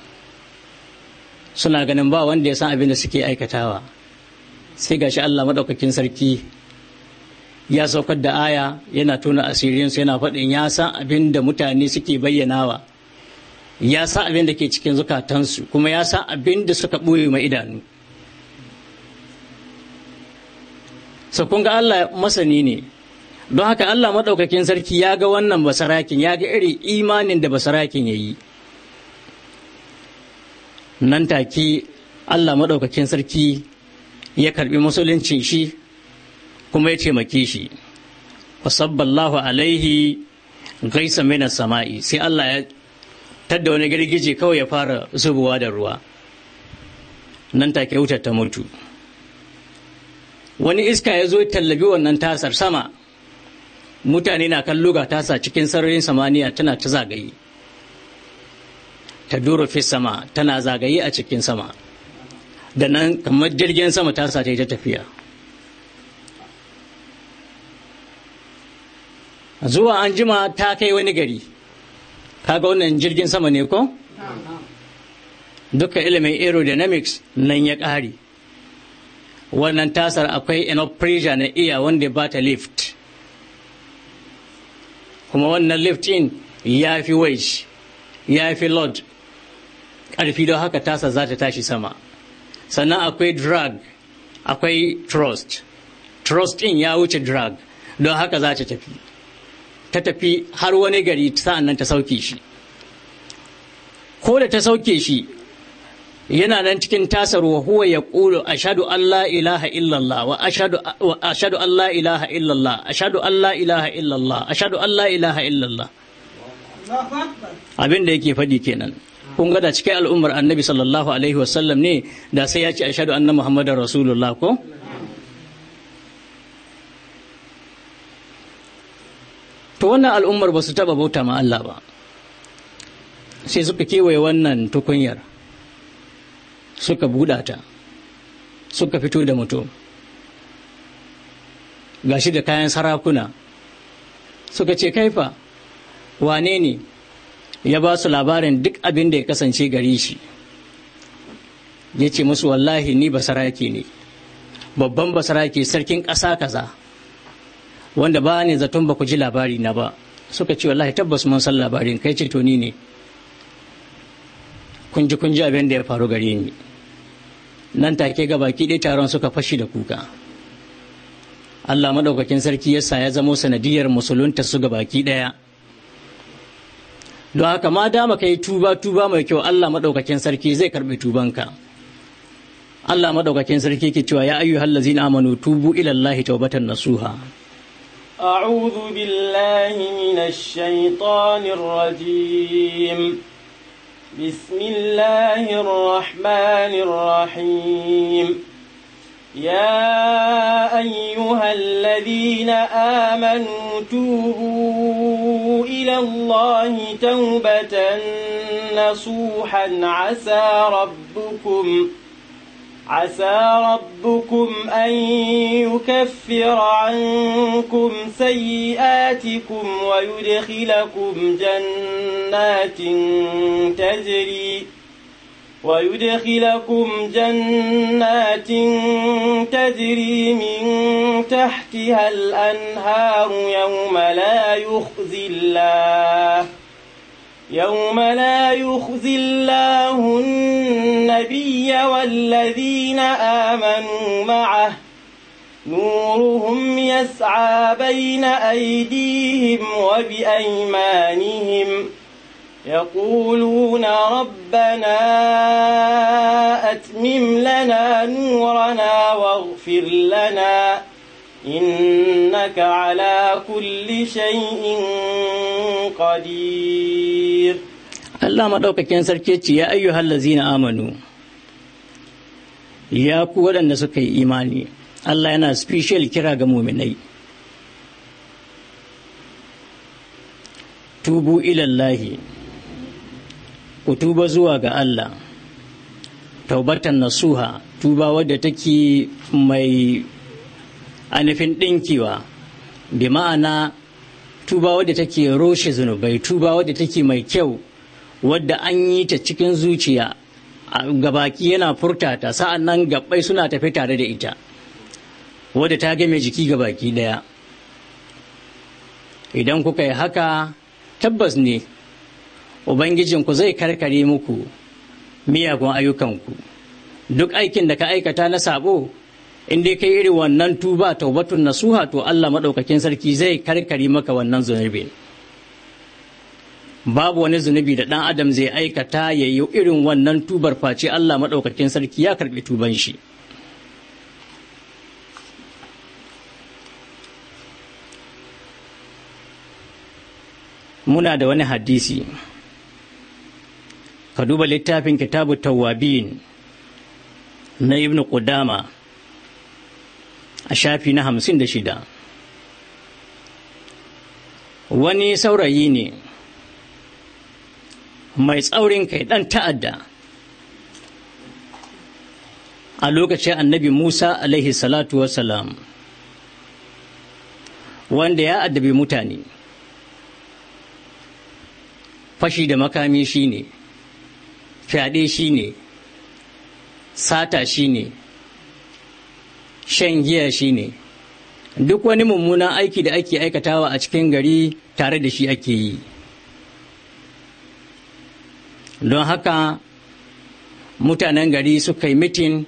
suna ganin ba wanda ya san abin da suke aikatawa sai gashi Allah maɗaukakin sarki ya saukar da aya yana tona asirinsu yana faɗin ya san abin da mutane suke bayyanawa ya san abin da ke cikin zukatansu kuma ya san abin da suka ɓoye wa idanu kun ga Allah masani ne don haka Allah maɗaukakin sarki ya ga wannan basarakin ya ga iri imanin da basarakin ya yi nan take Allah maɗaukakin sarki ya karɓi musuluncin shi kuma ya taimake shi wasabballahu alaihi gaisa mina sama'i sai Allah ya tadda wani girgije kawai ya fara zubowa da ruwa nan take wutar ta mutu wani iska ya zo tallabi wannan tasar sama mutane na kallo ga tasa cikin sararin samaniya tana ta zagaye ta duro fi sama tana zagaye a cikin sama da nan kamar jirgin sama tasa ta yi ta tafiya zuwa anjima ta kai wani gari kaga wannan jirgin sama ne ko duka ilimin aerodynamics nan ya ƙare wannan tasar akwai enough pressure na iya wanda ba ta lift kuma wannan lift in ya fi wage ya fi load ƙarfi don haka tasar za ta tashi sama sannan akwai drag akwai trust trust in ya wuce drag don haka za ta tafi ta tafi har wani gari sa'an nan ta sauke shi ko da ta sauke shi yana nan cikin tasar wa huwa ya ƙulu ashadu Allah ilaha illallah wa ashadu Allah ilaha illallah ashadu Allah ilaha illallah ashadu Allah ilaha illallah abin da yake faɗi kenan kun ga da cikin al'ummar annabi sallallahu alaihi wasallam ne da sai ya ce ashadu annan muhammadar rasulullah ko to wannan al'ummar ba su taɓa bauta ma Allah ba sai suka kewaye wannan tukunyar suka buɗa ta suka fito da mutum gashi da kayan sarakuna suka ce kaifa wane ne ya ba su labarin duk abin da ya kasance gari shi ya ce musu wallahi ni basarake ne babban basarake sarkin ƙasa kaza wanda ba ne zaton ba ku ji labari na ba suka ce wallahi tabbas mun san labarin kai ce to ni ne kun ji kun ji abin da ya faru gare ni nan take ga baki ɗaya taron suka fashi da kuka Allah maɗaukakin sarki yasa ya zamo sanadiyar musulunta su ga baki ɗaya don haka ma dama kai tuba tuba mai kyau Allah maɗaukakin sarki zai karɓi ka. Allah maɗaukakin sarki ke cewa ya ayyuhal lazina amanu tubu ilallahi tawbatan nasuha أعوذ بالله من الشيطان الرجيم بسم الله الرحمن الرحيم يا أيها الذين آمنوا توبوا إلى الله توبة نصوحا عسى ربكم أن عسى ربكم أن يكفر عنكم سيئاتكم ويدخلكم جنات تجري ويدخلكم جنات تجري من تحتها الأنهار يوم لا يخزي الله يوم لا يخزي الله النبي والذين آمنوا معه نورهم يسعى بين أيديهم وبأيمانهم يقولون ربنا أتمم لنا نورنا واغفر لنا إنك على كل شيء قدير Allah maɗaukakin sarki ya ya ayyu hallazina amanu ya ku waɗanda suka yi imani Allah yana special kira ga muminai tubu ilallahi ku tuba zuwa ga Allah taubatan nasuha tuba wadda take mai A nufin ɗinkiwa bi ma'ana tuba wadda take roshe zunubai tuba wadda take mai kyau wadda an yi ta cikin zuciya ga baki yana furta ta sa'an nan gabbai suna tafi tare da ita wadda ta game jiki ga baki ɗaya. idan kuka yi haka tabbas ne ubangijinku zai karkare muku miyagun ayyukanku duk aikin da ka aikata na sabo in dai kai iri wannan tuba taubatun nasuha to Allah maɗaukakin sarki zai karkari maka wannan zunubi babu wani zunubi da ɗan adam zai aikata ya yi irin wannan tubar face Allah maɗaukakin sarki ya karɓi tuban shi muna da wani hadisi ka duba littafin kitabu tawabin na ibnu qudama a shafi na hamsin da shida wani saurayi ne mai tsaurin kai ɗan ta'adda a lokacin annabi musa alaihi salatu wasalam wanda ya addabi mutane fashi da makami shine fyaɗe shine sata shine shan giya shi ne duk wani mummunan aiki da ake aikatawa a cikin gari tare da shi ake yi don haka mutanen gari suka yi mitin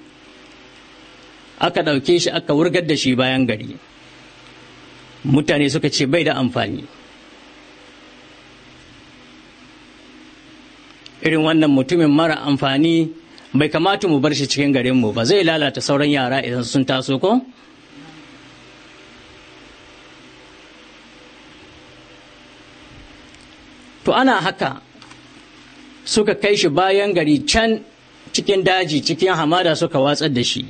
aka ɗauke shi aka wurgar da shi bayan gari mutane suka ce bai da amfani irin wannan mutumin mara amfani bai kamata mu bar shi cikin garin mu ba zai lalata sauran yara idan sun taso ko to ana haka suka kai shi bayan gari can cikin daji cikin hamada suka watsar da shi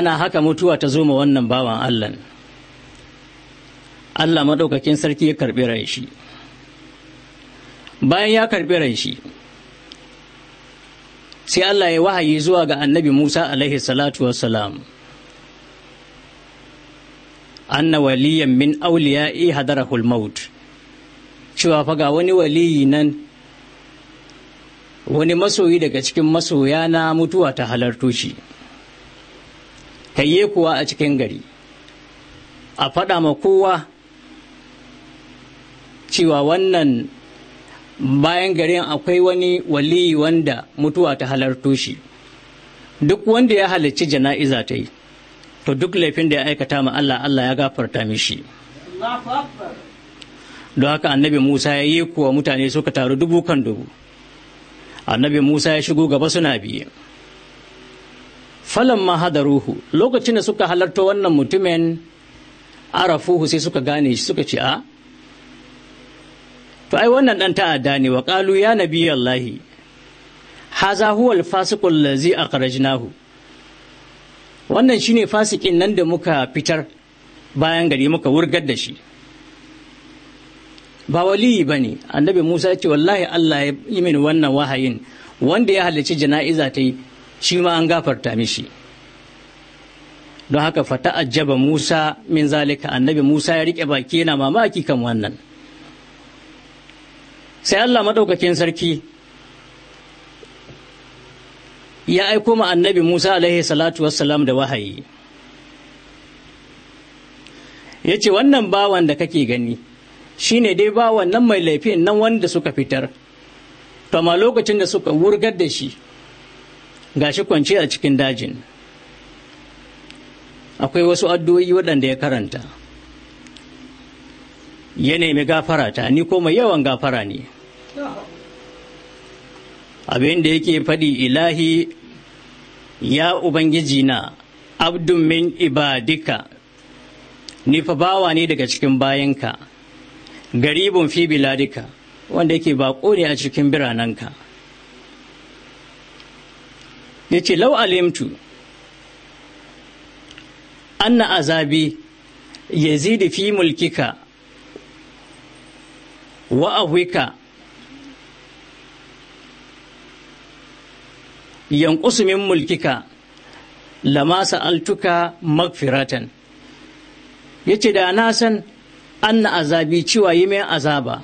ana haka mutuwa ta zo ma wannan bawan allah allah maɗaukakin sarki ya karɓi rai shi bayan ya karɓi ran shi sai Allah ya wahayi zuwa ga annabi Musa alaihi salatu wassalam anna waliyan min auliya'i hadarahul maut cewa fa ga wani waliyi nan wani masoyi daga cikin masoya na mutuwa ta halarto shi kayye kuwa a cikin gari a faɗa ma kowa cewa wannan bayan garin akwai wani waliyi wanda mutuwa ta halarto shi duk wanda ya halarci jana'iza ta yi to duk laifin da ya aikata ma Allah Allah ya gafarta mishi don haka annabi Musa ya yi kuwa mutane suka taru dubu kan dubu annabi Musa ya shigo gaba suna biye Falon ma hadaruhu lokacin da suka halarta wannan mutumin arafuhu sai suka gane shi suka ce a ah, to ai wannan dan ta'adda ne wa ƙalu ya nabiyallahi haza huwa Lazi a akhrajnahu wannan shine fasikin nan da muka fitar bayan gari muka wurgar da shi ba waliyi ba ne annabi musa ce wallahi allah ya yi min wannan wahayin wanda ya halarci jana'iza ta yi shi ma an gafarta mishi don haka fata ajaba musa min zalika annabi musa ya rike baki yana mamaki kan wannan sai Allah maɗaukakin sarki ya aiko ma annabi Musa alaihi salatu wassalam da wahayi ya ce wannan bawan da kake gani shine dai bawan nan mai laifin nan wanda suka fitar ma lokacin da suka wurgar da shi ga shi kwance a cikin dajin akwai wasu addu'o'i waɗanda ya karanta ya nemi gafara ta ni ko mai yawan gafara ne abin da yake faɗi ilahi ya ubangiji na abdun min ibadika ni fa bawa ne daga cikin bayanka garibun fi biladika wanda yake bako ne a cikin biranenka ya ce lau alimtu anna azabi yazidi fi mulkika wa ahwika yankusu min mulkika lama sa'altuka magfiratan ce da na san an azabi cewa yi min azaba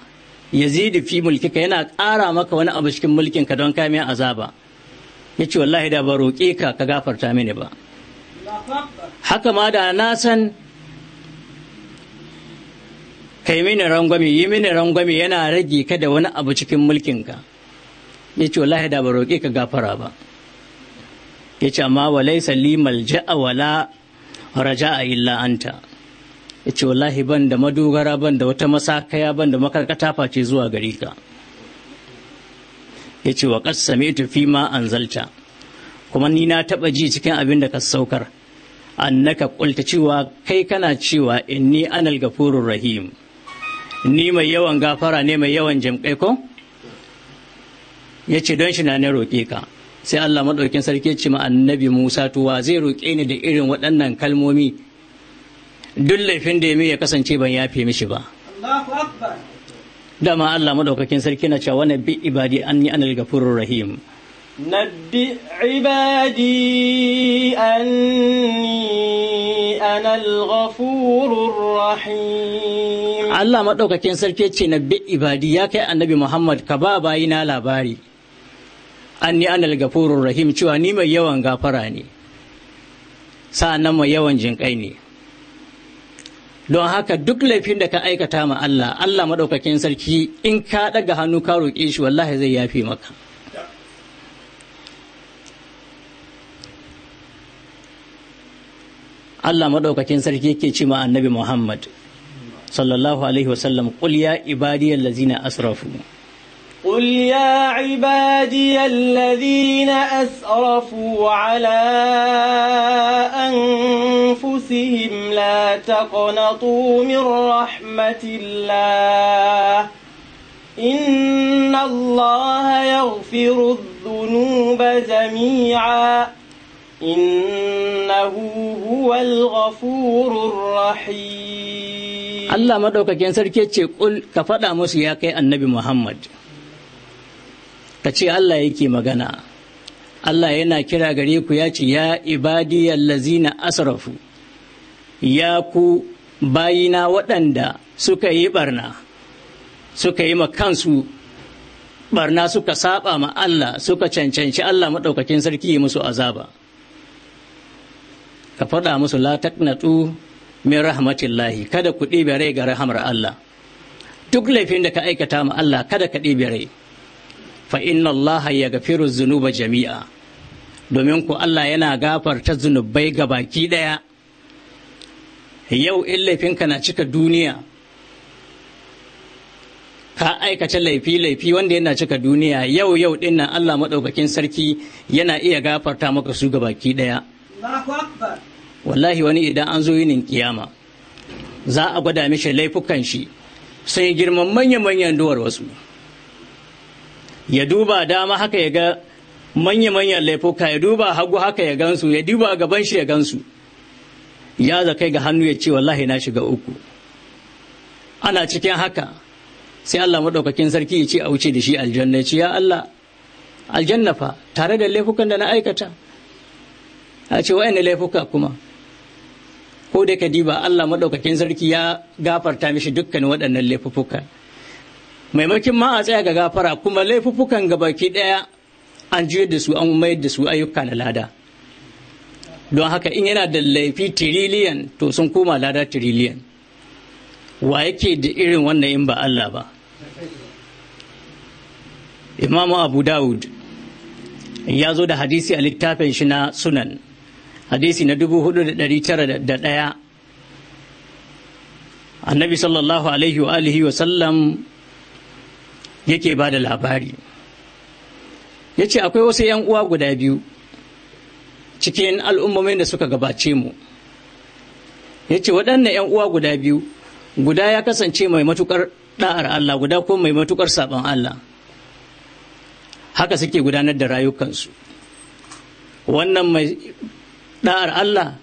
yazidi fi mulkika yana ƙara maka wani abu cikin mulkinka don ka min azaba ce wallahi da ba roƙe ka ka gafarta mini ba haka ma da na san kai mini rangwami yi mini rangwami yana rage ka da wani abu cikin mulkinka ya ce wallahi da ba roƙe ka gafara ba Ya ce, amma laisa li malja'a wala raja'a illa anta ce, wallahi ban da madogara ban da wata masakaya ban da makarkata face zuwa gare ka Ya ce, wa qad sami'tu fi ma an zalta? kuma ni na taba ji cikin abin da ka saukar annaka kulta cewa kai kana cewa inni anal gafurur rahim ni mai yawan gafara ne mai yawan jimkai ko ya ce don shi na na roƙe ka sai Allah maɗaukin sarki ce ma annabi Musa tuwa zai roƙe ni da irin waɗannan kalmomi duk laifin da ya kasance ban yafe mishi ba dama Allah maɗaukakin sarki na cewa na bi ibadi an yi anil gafurur rahim نبئ عبادي أني anal الغفور rahim. Allah maɗaukakin sarki ce nabi ibadi ya kai annabi Muhammad ka ba bayina labari. anni anal gafurur rahim cewa ni mai yawan gafara ne sa'annan mai yawan jinƙai ne don haka duk laifin da ka aikata ma Allah Allah maɗaukakin sarki in ka ɗaga hannu ka roƙe shi wallahi zai yafi maka Allah maɗaukakin sarki yake ce ma annabi Muhammad sallallahu alaihi wasallam qul ya ibadiyal ladzina asrafu قل يا عبادي الذين أسرفوا على أنفسهم لا تقنطوا من رحمة الله إن الله يغفر الذنوب جميعا إنه هو الغفور الرحيم الله مدوكا كنسر كيتشي قل كفدا موسى يا كي النبي محمد ka ce Allah yake magana Allah yana kira gare ku ya ce ya ibadiyar lazina asrafu ya ku bayina waɗanda suka yi barna suka yi kansu barna suka saba ma Allah suka cancanci Allah maɗaukakin sarki musu azaba ka faɗa musu la taqnatu min rahmatillahi kada ku ɗibe rai ga rahamar Allah duk laifin da ka aikata ma Allah kada ka ɗibe rai fa inna allaha gafiru zunuba jami'a domin ku Allah yana gafarta zunubai ga baki daya yau in laifinka na cika duniya ka aikata laifi-laifi wanda yana cika duniya yau yau din nan Allah maɗaukakin sarki yana iya gafarta maka su ga baki ɗaya. Wallahi wani idan an zo yinin kiyama za a gwada mishi laifukan shi sai girman manya-manyan duwar wasu. ya duba dama haka ya ga manya-manyan laifuka ya duba hagu haka ya gansu ya duba gaban shi ya gansu ya zakai ga hannu ya ce wallahi na shiga uku ana cikin haka sai Allah maɗaukakin sarki ya ce a wuce da shi aljanna ya ce ya Allah aljanna fa tare da laifukan da na aikata a ce wa'yan laifuka kuma ko da ka diba Allah maɗaukakin sarki ya gafarta mishi dukkan waɗannan laifuka maimakin ma a tsaya ga gafara kuma laifuffukan gabaki ɗaya an juyar da su an mayar da su ayyuka na lada don haka in yana da laifi tiriliyan to sun koma lada tiriliyan wa yake da irin wannan in ba Allah ba imam abu dawud ya zo da hadisi a littafin shi na sunan hadisi na 4901 annabi sallallahu alaihi wa alihi wa sallam yake ba da labari ya ce akwai wasu 'yan uwa guda biyu cikin al'ummomin da suka gabace mu ya ce waɗannan 'yan uwa guda biyu guda ya kasance mai matukar ɗa'ar Allah guda ko mai matukar saɓon Allah haka suke gudanar da rayukansu wannan mai ɗa'ar Allah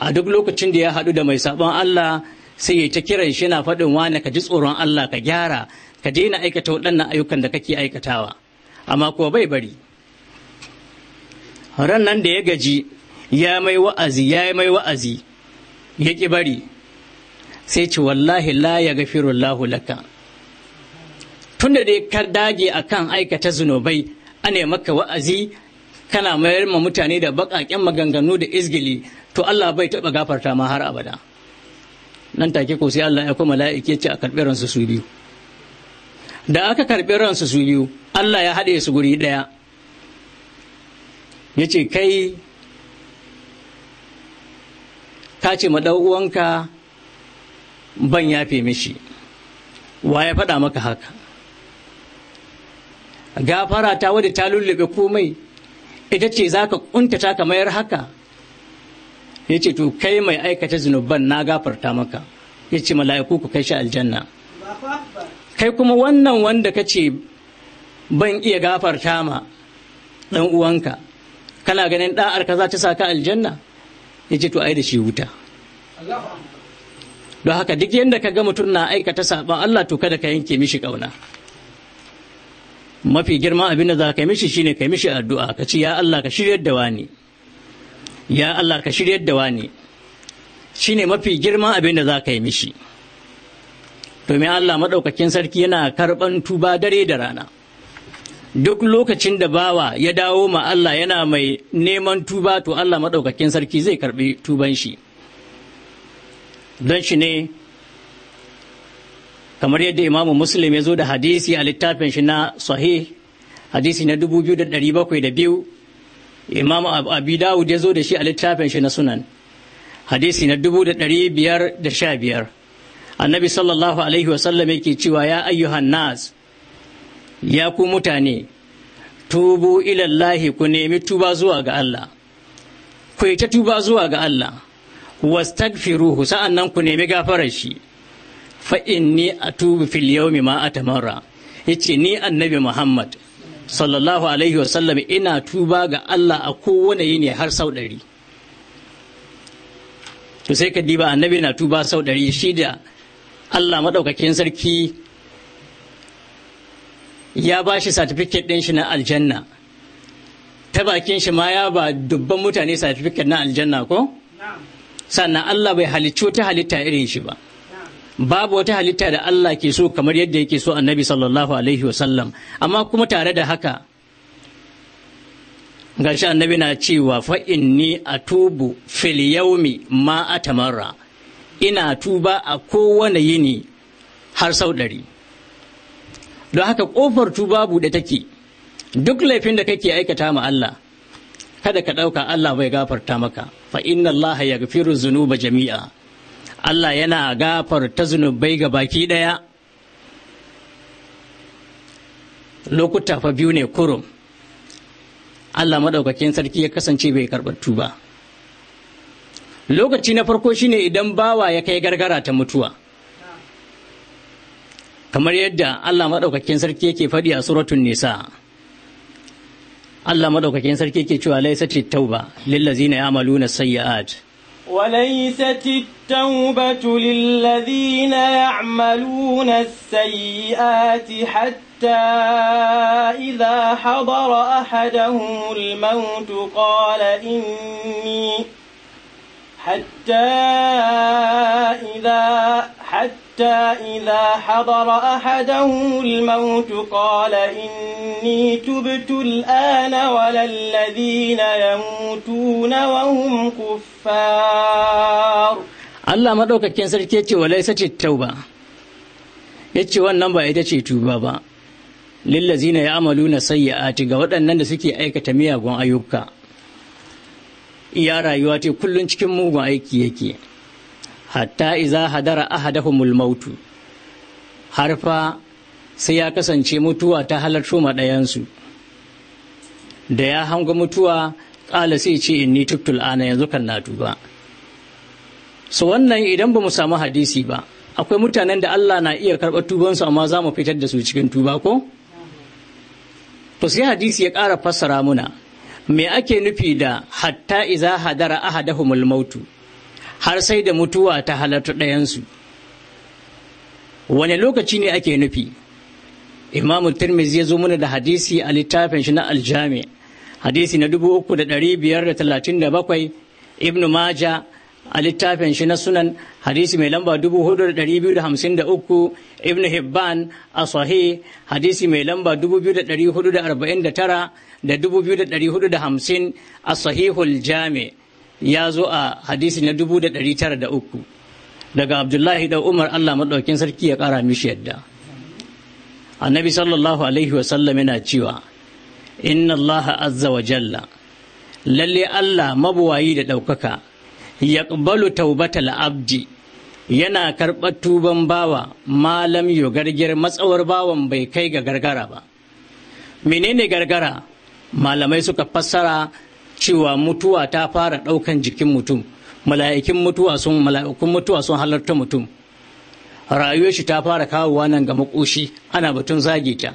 a duk lokacin da ya haɗu da mai saɓon Allah sai ya ta kiran shi yana faɗin wane ka ji tsoron Allah ka gyara ka daina aikata waɗannan ayyukan da kake aikatawa amma ko bai bari ran nan da ya gaji ya mai wa'azi ya mai wa'azi ya ki bari sai ce wallahi la ya gafirullahu laka tunda dai ka dage a kan aikata zunubai ana maka wa'azi kana mayar ma mutane da baƙaƙen maganganu da izgili to Allah bai taɓa gafarta ma har abada nan take ko sai Allah ya kuma la'ike ce a karɓi ransu su biyu da aka karɓi ransu su biyu Allah ya haɗe su guri ɗaya ya ce kai ka ce ma uwanka ban yafe mishi wa ya faɗa maka haka gafara ta wadda ta lullube komai ita ce za ka ƙuntata ka mayar haka ya ce to kai mai aikata zunuban na gafarta maka ya ce mala'iku ku kai shi aljanna kai kuma wannan wanda ka ce ban iya gafarta ma ɗan uwanka kana ganin ɗa'ar ka za ta sa ka aljanna ya ce to ai da shi wuta don haka duk yadda ka ga mutum na aikata saɓan Allah to kada ka yanke mishi ƙauna mafi girma abin da za ka mishi shine ka mishi addu'a ka ce ya Allah ka shiryar da wani ya Allah ka shiryar da wani shine mafi girma abin da za ka yi mishi domin Allah maɗaukakin sarki yana karɓan tuba dare da rana duk lokacin da bawa ya dawo ma Allah yana mai neman tuba to Allah maɗaukakin sarki zai karɓi tuban shi don shi ne kamar yadda imamu muslim ya zo da hadisi a littafin shi na sahih hadisi na 2702 imamu abu dawud ya zo da shi a littafin shi na sunan hadisi na 5515 annabi sallallahu alaihi wasallam yake cewa ya ayyuhan nas ya ku mutane tubu ilallahi ku nemi tuba zuwa ga Allah ku yi ta tuba zuwa ga Allah wastagfiruhu sa'annan ku nemi gafarar shi fa inni atubu fil yawmi ma atamara yace ni annabi Muhammad sallallahu alaihi wasallam ina tuba ga Allah a kowane yini har sau ɗari to sai ka diba annabi na tuba sau ɗari shida Allah maɗaukakin sarki ya ba shi satifiket ɗin shi na aljanna ta bakin shi ma ya ba dubban mutane satifiket na aljanna ko? sannan Allah bai halicci wata halitta irin shi ba babu wata halitta da Allah ke so kamar yadda yake so annabi sallallahu alaihi wasallam amma kuma tare da haka gashi annabi na cewa fa'inni a atubu fil yaumi ma atamarra ina tuba a kowane yini har sau ɗari don haka ƙofar tuba buɗe take duk laifin da kake aikata ma Allah kada ka ɗauka Allah bai gafarta maka fa inna Allah ya gafiru zunuba jami'a Allah yana gafarta zunubai ga baki ɗaya lokuta fa biyu ne kurum Allah maɗaukakin sarki ya kasance bai karɓar tuba. lokaci na farko shine idan bawa ya kai gargara ta mutuwa kamar yadda Allah maɗaukakin sarki yake faɗi a suratun nisa Allah maɗaukakin sarki yake cewa laisati tauba lillazina ya'maluna sayyi'at وليست التوبة للذين يعملون السيئات حتى إذا حضر أحدهم الموت قال إني Hatta إذا حتى إذا حضر أحدهم الموت قال إني تبت الآن ولا الذين يموتون وهم كفار Allah maɗaukakin sarki ce wa laisa ce tauba ya ce wannan ba ita ce tuba ba Lilazina ya amalu na Ati, ga waɗannan da suke aikata miyagun ayyuka iya rayuwa ce kullum cikin mugun aiki yake hatta iza hadara ahadahumul mautu har fa sai ya kasance mutuwa ta halarto maɗayansu. da ya hanga mutuwa ƙala sai ce in ni tuktul ana yanzu kan na tuba so wannan idan ba mu samu hadisi ba akwai mutanen da Allah na iya karɓar tubansu amma za mu fitar da su cikin tuba ko to sai hadisi ya ƙara fassara muna me ake nufi da hatta iza hadara ahadahumul mautu har sai da mutuwa ta halarta ɗayansu Wani lokaci ne ake nufi imamu tirmizi ya zo mana da hadisi a littafin shi na aljami hadisi na 3537 ibnu maja a littafin shi na sunan hadisi mai lamba 4,253 Ibnu hibban a sahih hadisi mai lamba 2,449 da 2450 a sahihul jami ya zo a hadisi na da 1903 daga abdullahi da umar allah maɗaukin sarki ya ƙara mishi yadda annabi sallallahu alaihi wasallam yana cewa inna allah azza wa jalla lalle allah mabuwayi da ɗaukaka ya ƙbalu taubatal abdi yana karɓar tuban bawa malam yo gargir matsawar bawan bai kai ga gargara ba menene gargara malamai suka fassara cewa mutuwa ta fara ɗaukan jikin mutum mala'ikin mutuwa sun mala'ikun mutuwa sun halarta mutum rayuwar shi ta fara kawowa nan ga makoshi ana batun zage ta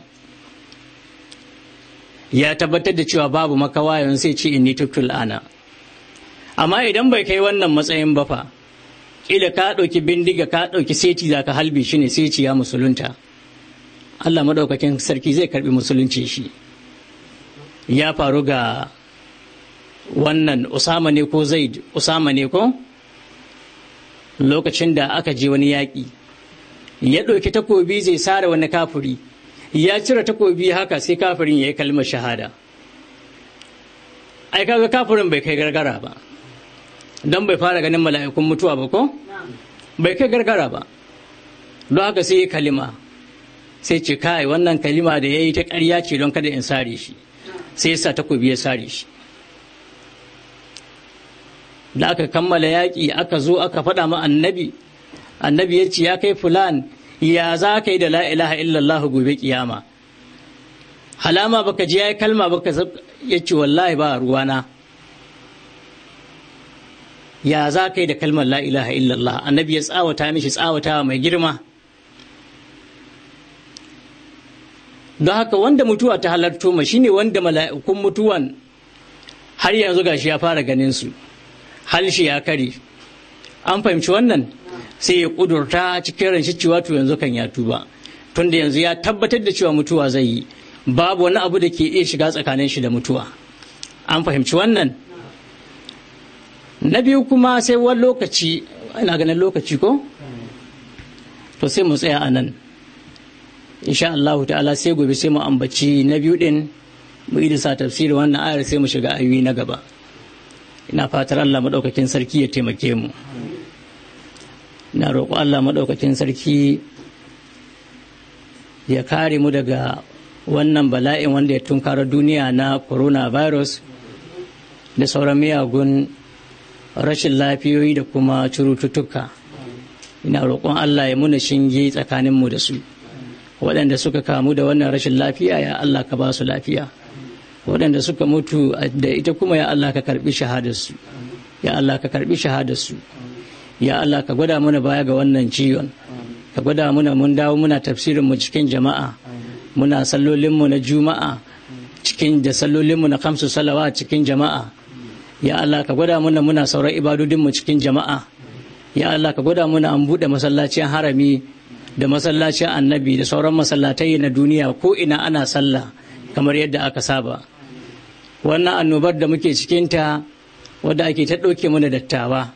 ya tabbatar da cewa babu makawa yanzu sai ce inni tukul ana amma idan bai kai wannan matsayin ba fa kila ka ɗauki bindiga ka ɗauki seti za ka halbe shi ne sai ya musulunta Allah maɗaukakin sarki zai karɓi musulunci shi ya faru ga wannan usama ne ko zaid usama ne ko lokacin da aka je wani yaƙi ya ɗauki takobi zai sare wani kafuri ya cire takobi haka sai kafirin ya yi kalmar shahada ai kaga kafirin bai kai gargara ba don bai fara ganin mala'ikun mutuwa ba ko bai kai gargara ba don haka sai ya kalima sai ce kai wannan kalima da ya yi ta karya ce don kada in sare shi sai ya sa takobi ya sare shi da aka kammala yaƙi aka zo aka faɗa ma annabi annabi ya ce ya kai fulan ya za ka yi da la ilaha illallah gobe kiyama halama baka ji yayi kalma baka ya ce wallahi ba ruwana ya za ka yi da kalmar la'ilaha ilaha illallah annabi ya tsawata mishi tsawata mai girma don haka wanda mutuwa ta halarto ma shine wanda mala'ikun mutuwan har yanzu gashi ya fara ganin su halshi ya kare an fahimci wannan sai ya kudurta cikin ranshi cewa to yanzu kan ya tuba tunda yanzu ya tabbatar da cewa mutuwa zai yi babu wani abu da ke iya shiga tsakanin shi da mutuwa an fahimci wannan na biyu kuma sai wani lokaci ina ganin lokaci ko to sai mu tsaya a nan insha Allah ta'ala sai gobe sai mu ambaci na biyu din mu idisa tafsiri wannan ayar sai mu shiga ayoyi na gaba ina fatar Allah madaukakin sarki ya taimake mu ina roƙo Allah madaukakin sarki ya kare mu daga wannan bala'in wanda ya tunkara duniya na corona virus da sauran miyagun rashin lafiyoyi da kuma curututtuka ina roƙon Allah ya muna shinge tsakanin mu da su waɗanda suka kamu da wannan rashin lafiya ya Allah ka ba su lafiya waɗanda suka mutu da ita kuma ya Allah ka karɓi shahadarsu ya Allah ka karɓi shahadarsu ya Allah ka gwada mana baya ga wannan ciwon ka gwada mana mun dawo muna tafsirin mu cikin jama'a muna mu na juma'a cikin da mu na kamsu salawa cikin jama'a ya Allah ka gwada mana muna sauran ibadodin mu cikin jama'a ya Allah ka gwada mana an buɗe masallacin harami da masallacin annabi da sauran masallatai na duniya ko ina ana sallah kamar yadda aka saba wannan annobar da muke cikinta wadda ake ta ɗauke mana dattawa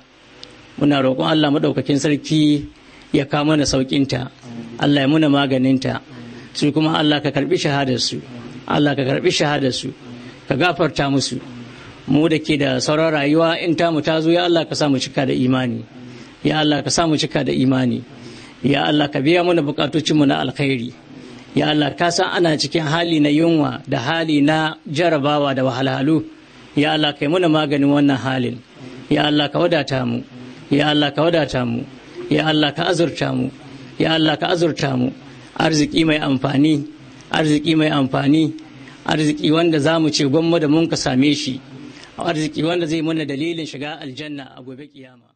muna roƙon allah maɗaukakin sarki ya kawo mana sauƙinta allah ya muna maganinta su kuma allah ka karɓi shahadarsu allah ka karɓi shahadarsu ka gafarta musu mu da ke da sauran rayuwa in tamu ta zo ya allah ka samu cika da imani ya allah ka samu cika da imani ya Allah ka biya mana bukatocinmu na alkhairi ya Allah ka san ana cikin hali na yunwa da hali na jarabawa da wahalhalu ya Allah kai mana maganin wannan halin ya Allah ka wadata mu ya Allah ka wadata mu ya Allah ka azurta mu ya Allah ka azurta mu arziki mai amfani arziki mai amfani arziki wanda za mu ce gwamma da mun ka same shi arziki wanda zai mana dalilin shiga aljanna a gobe kiyama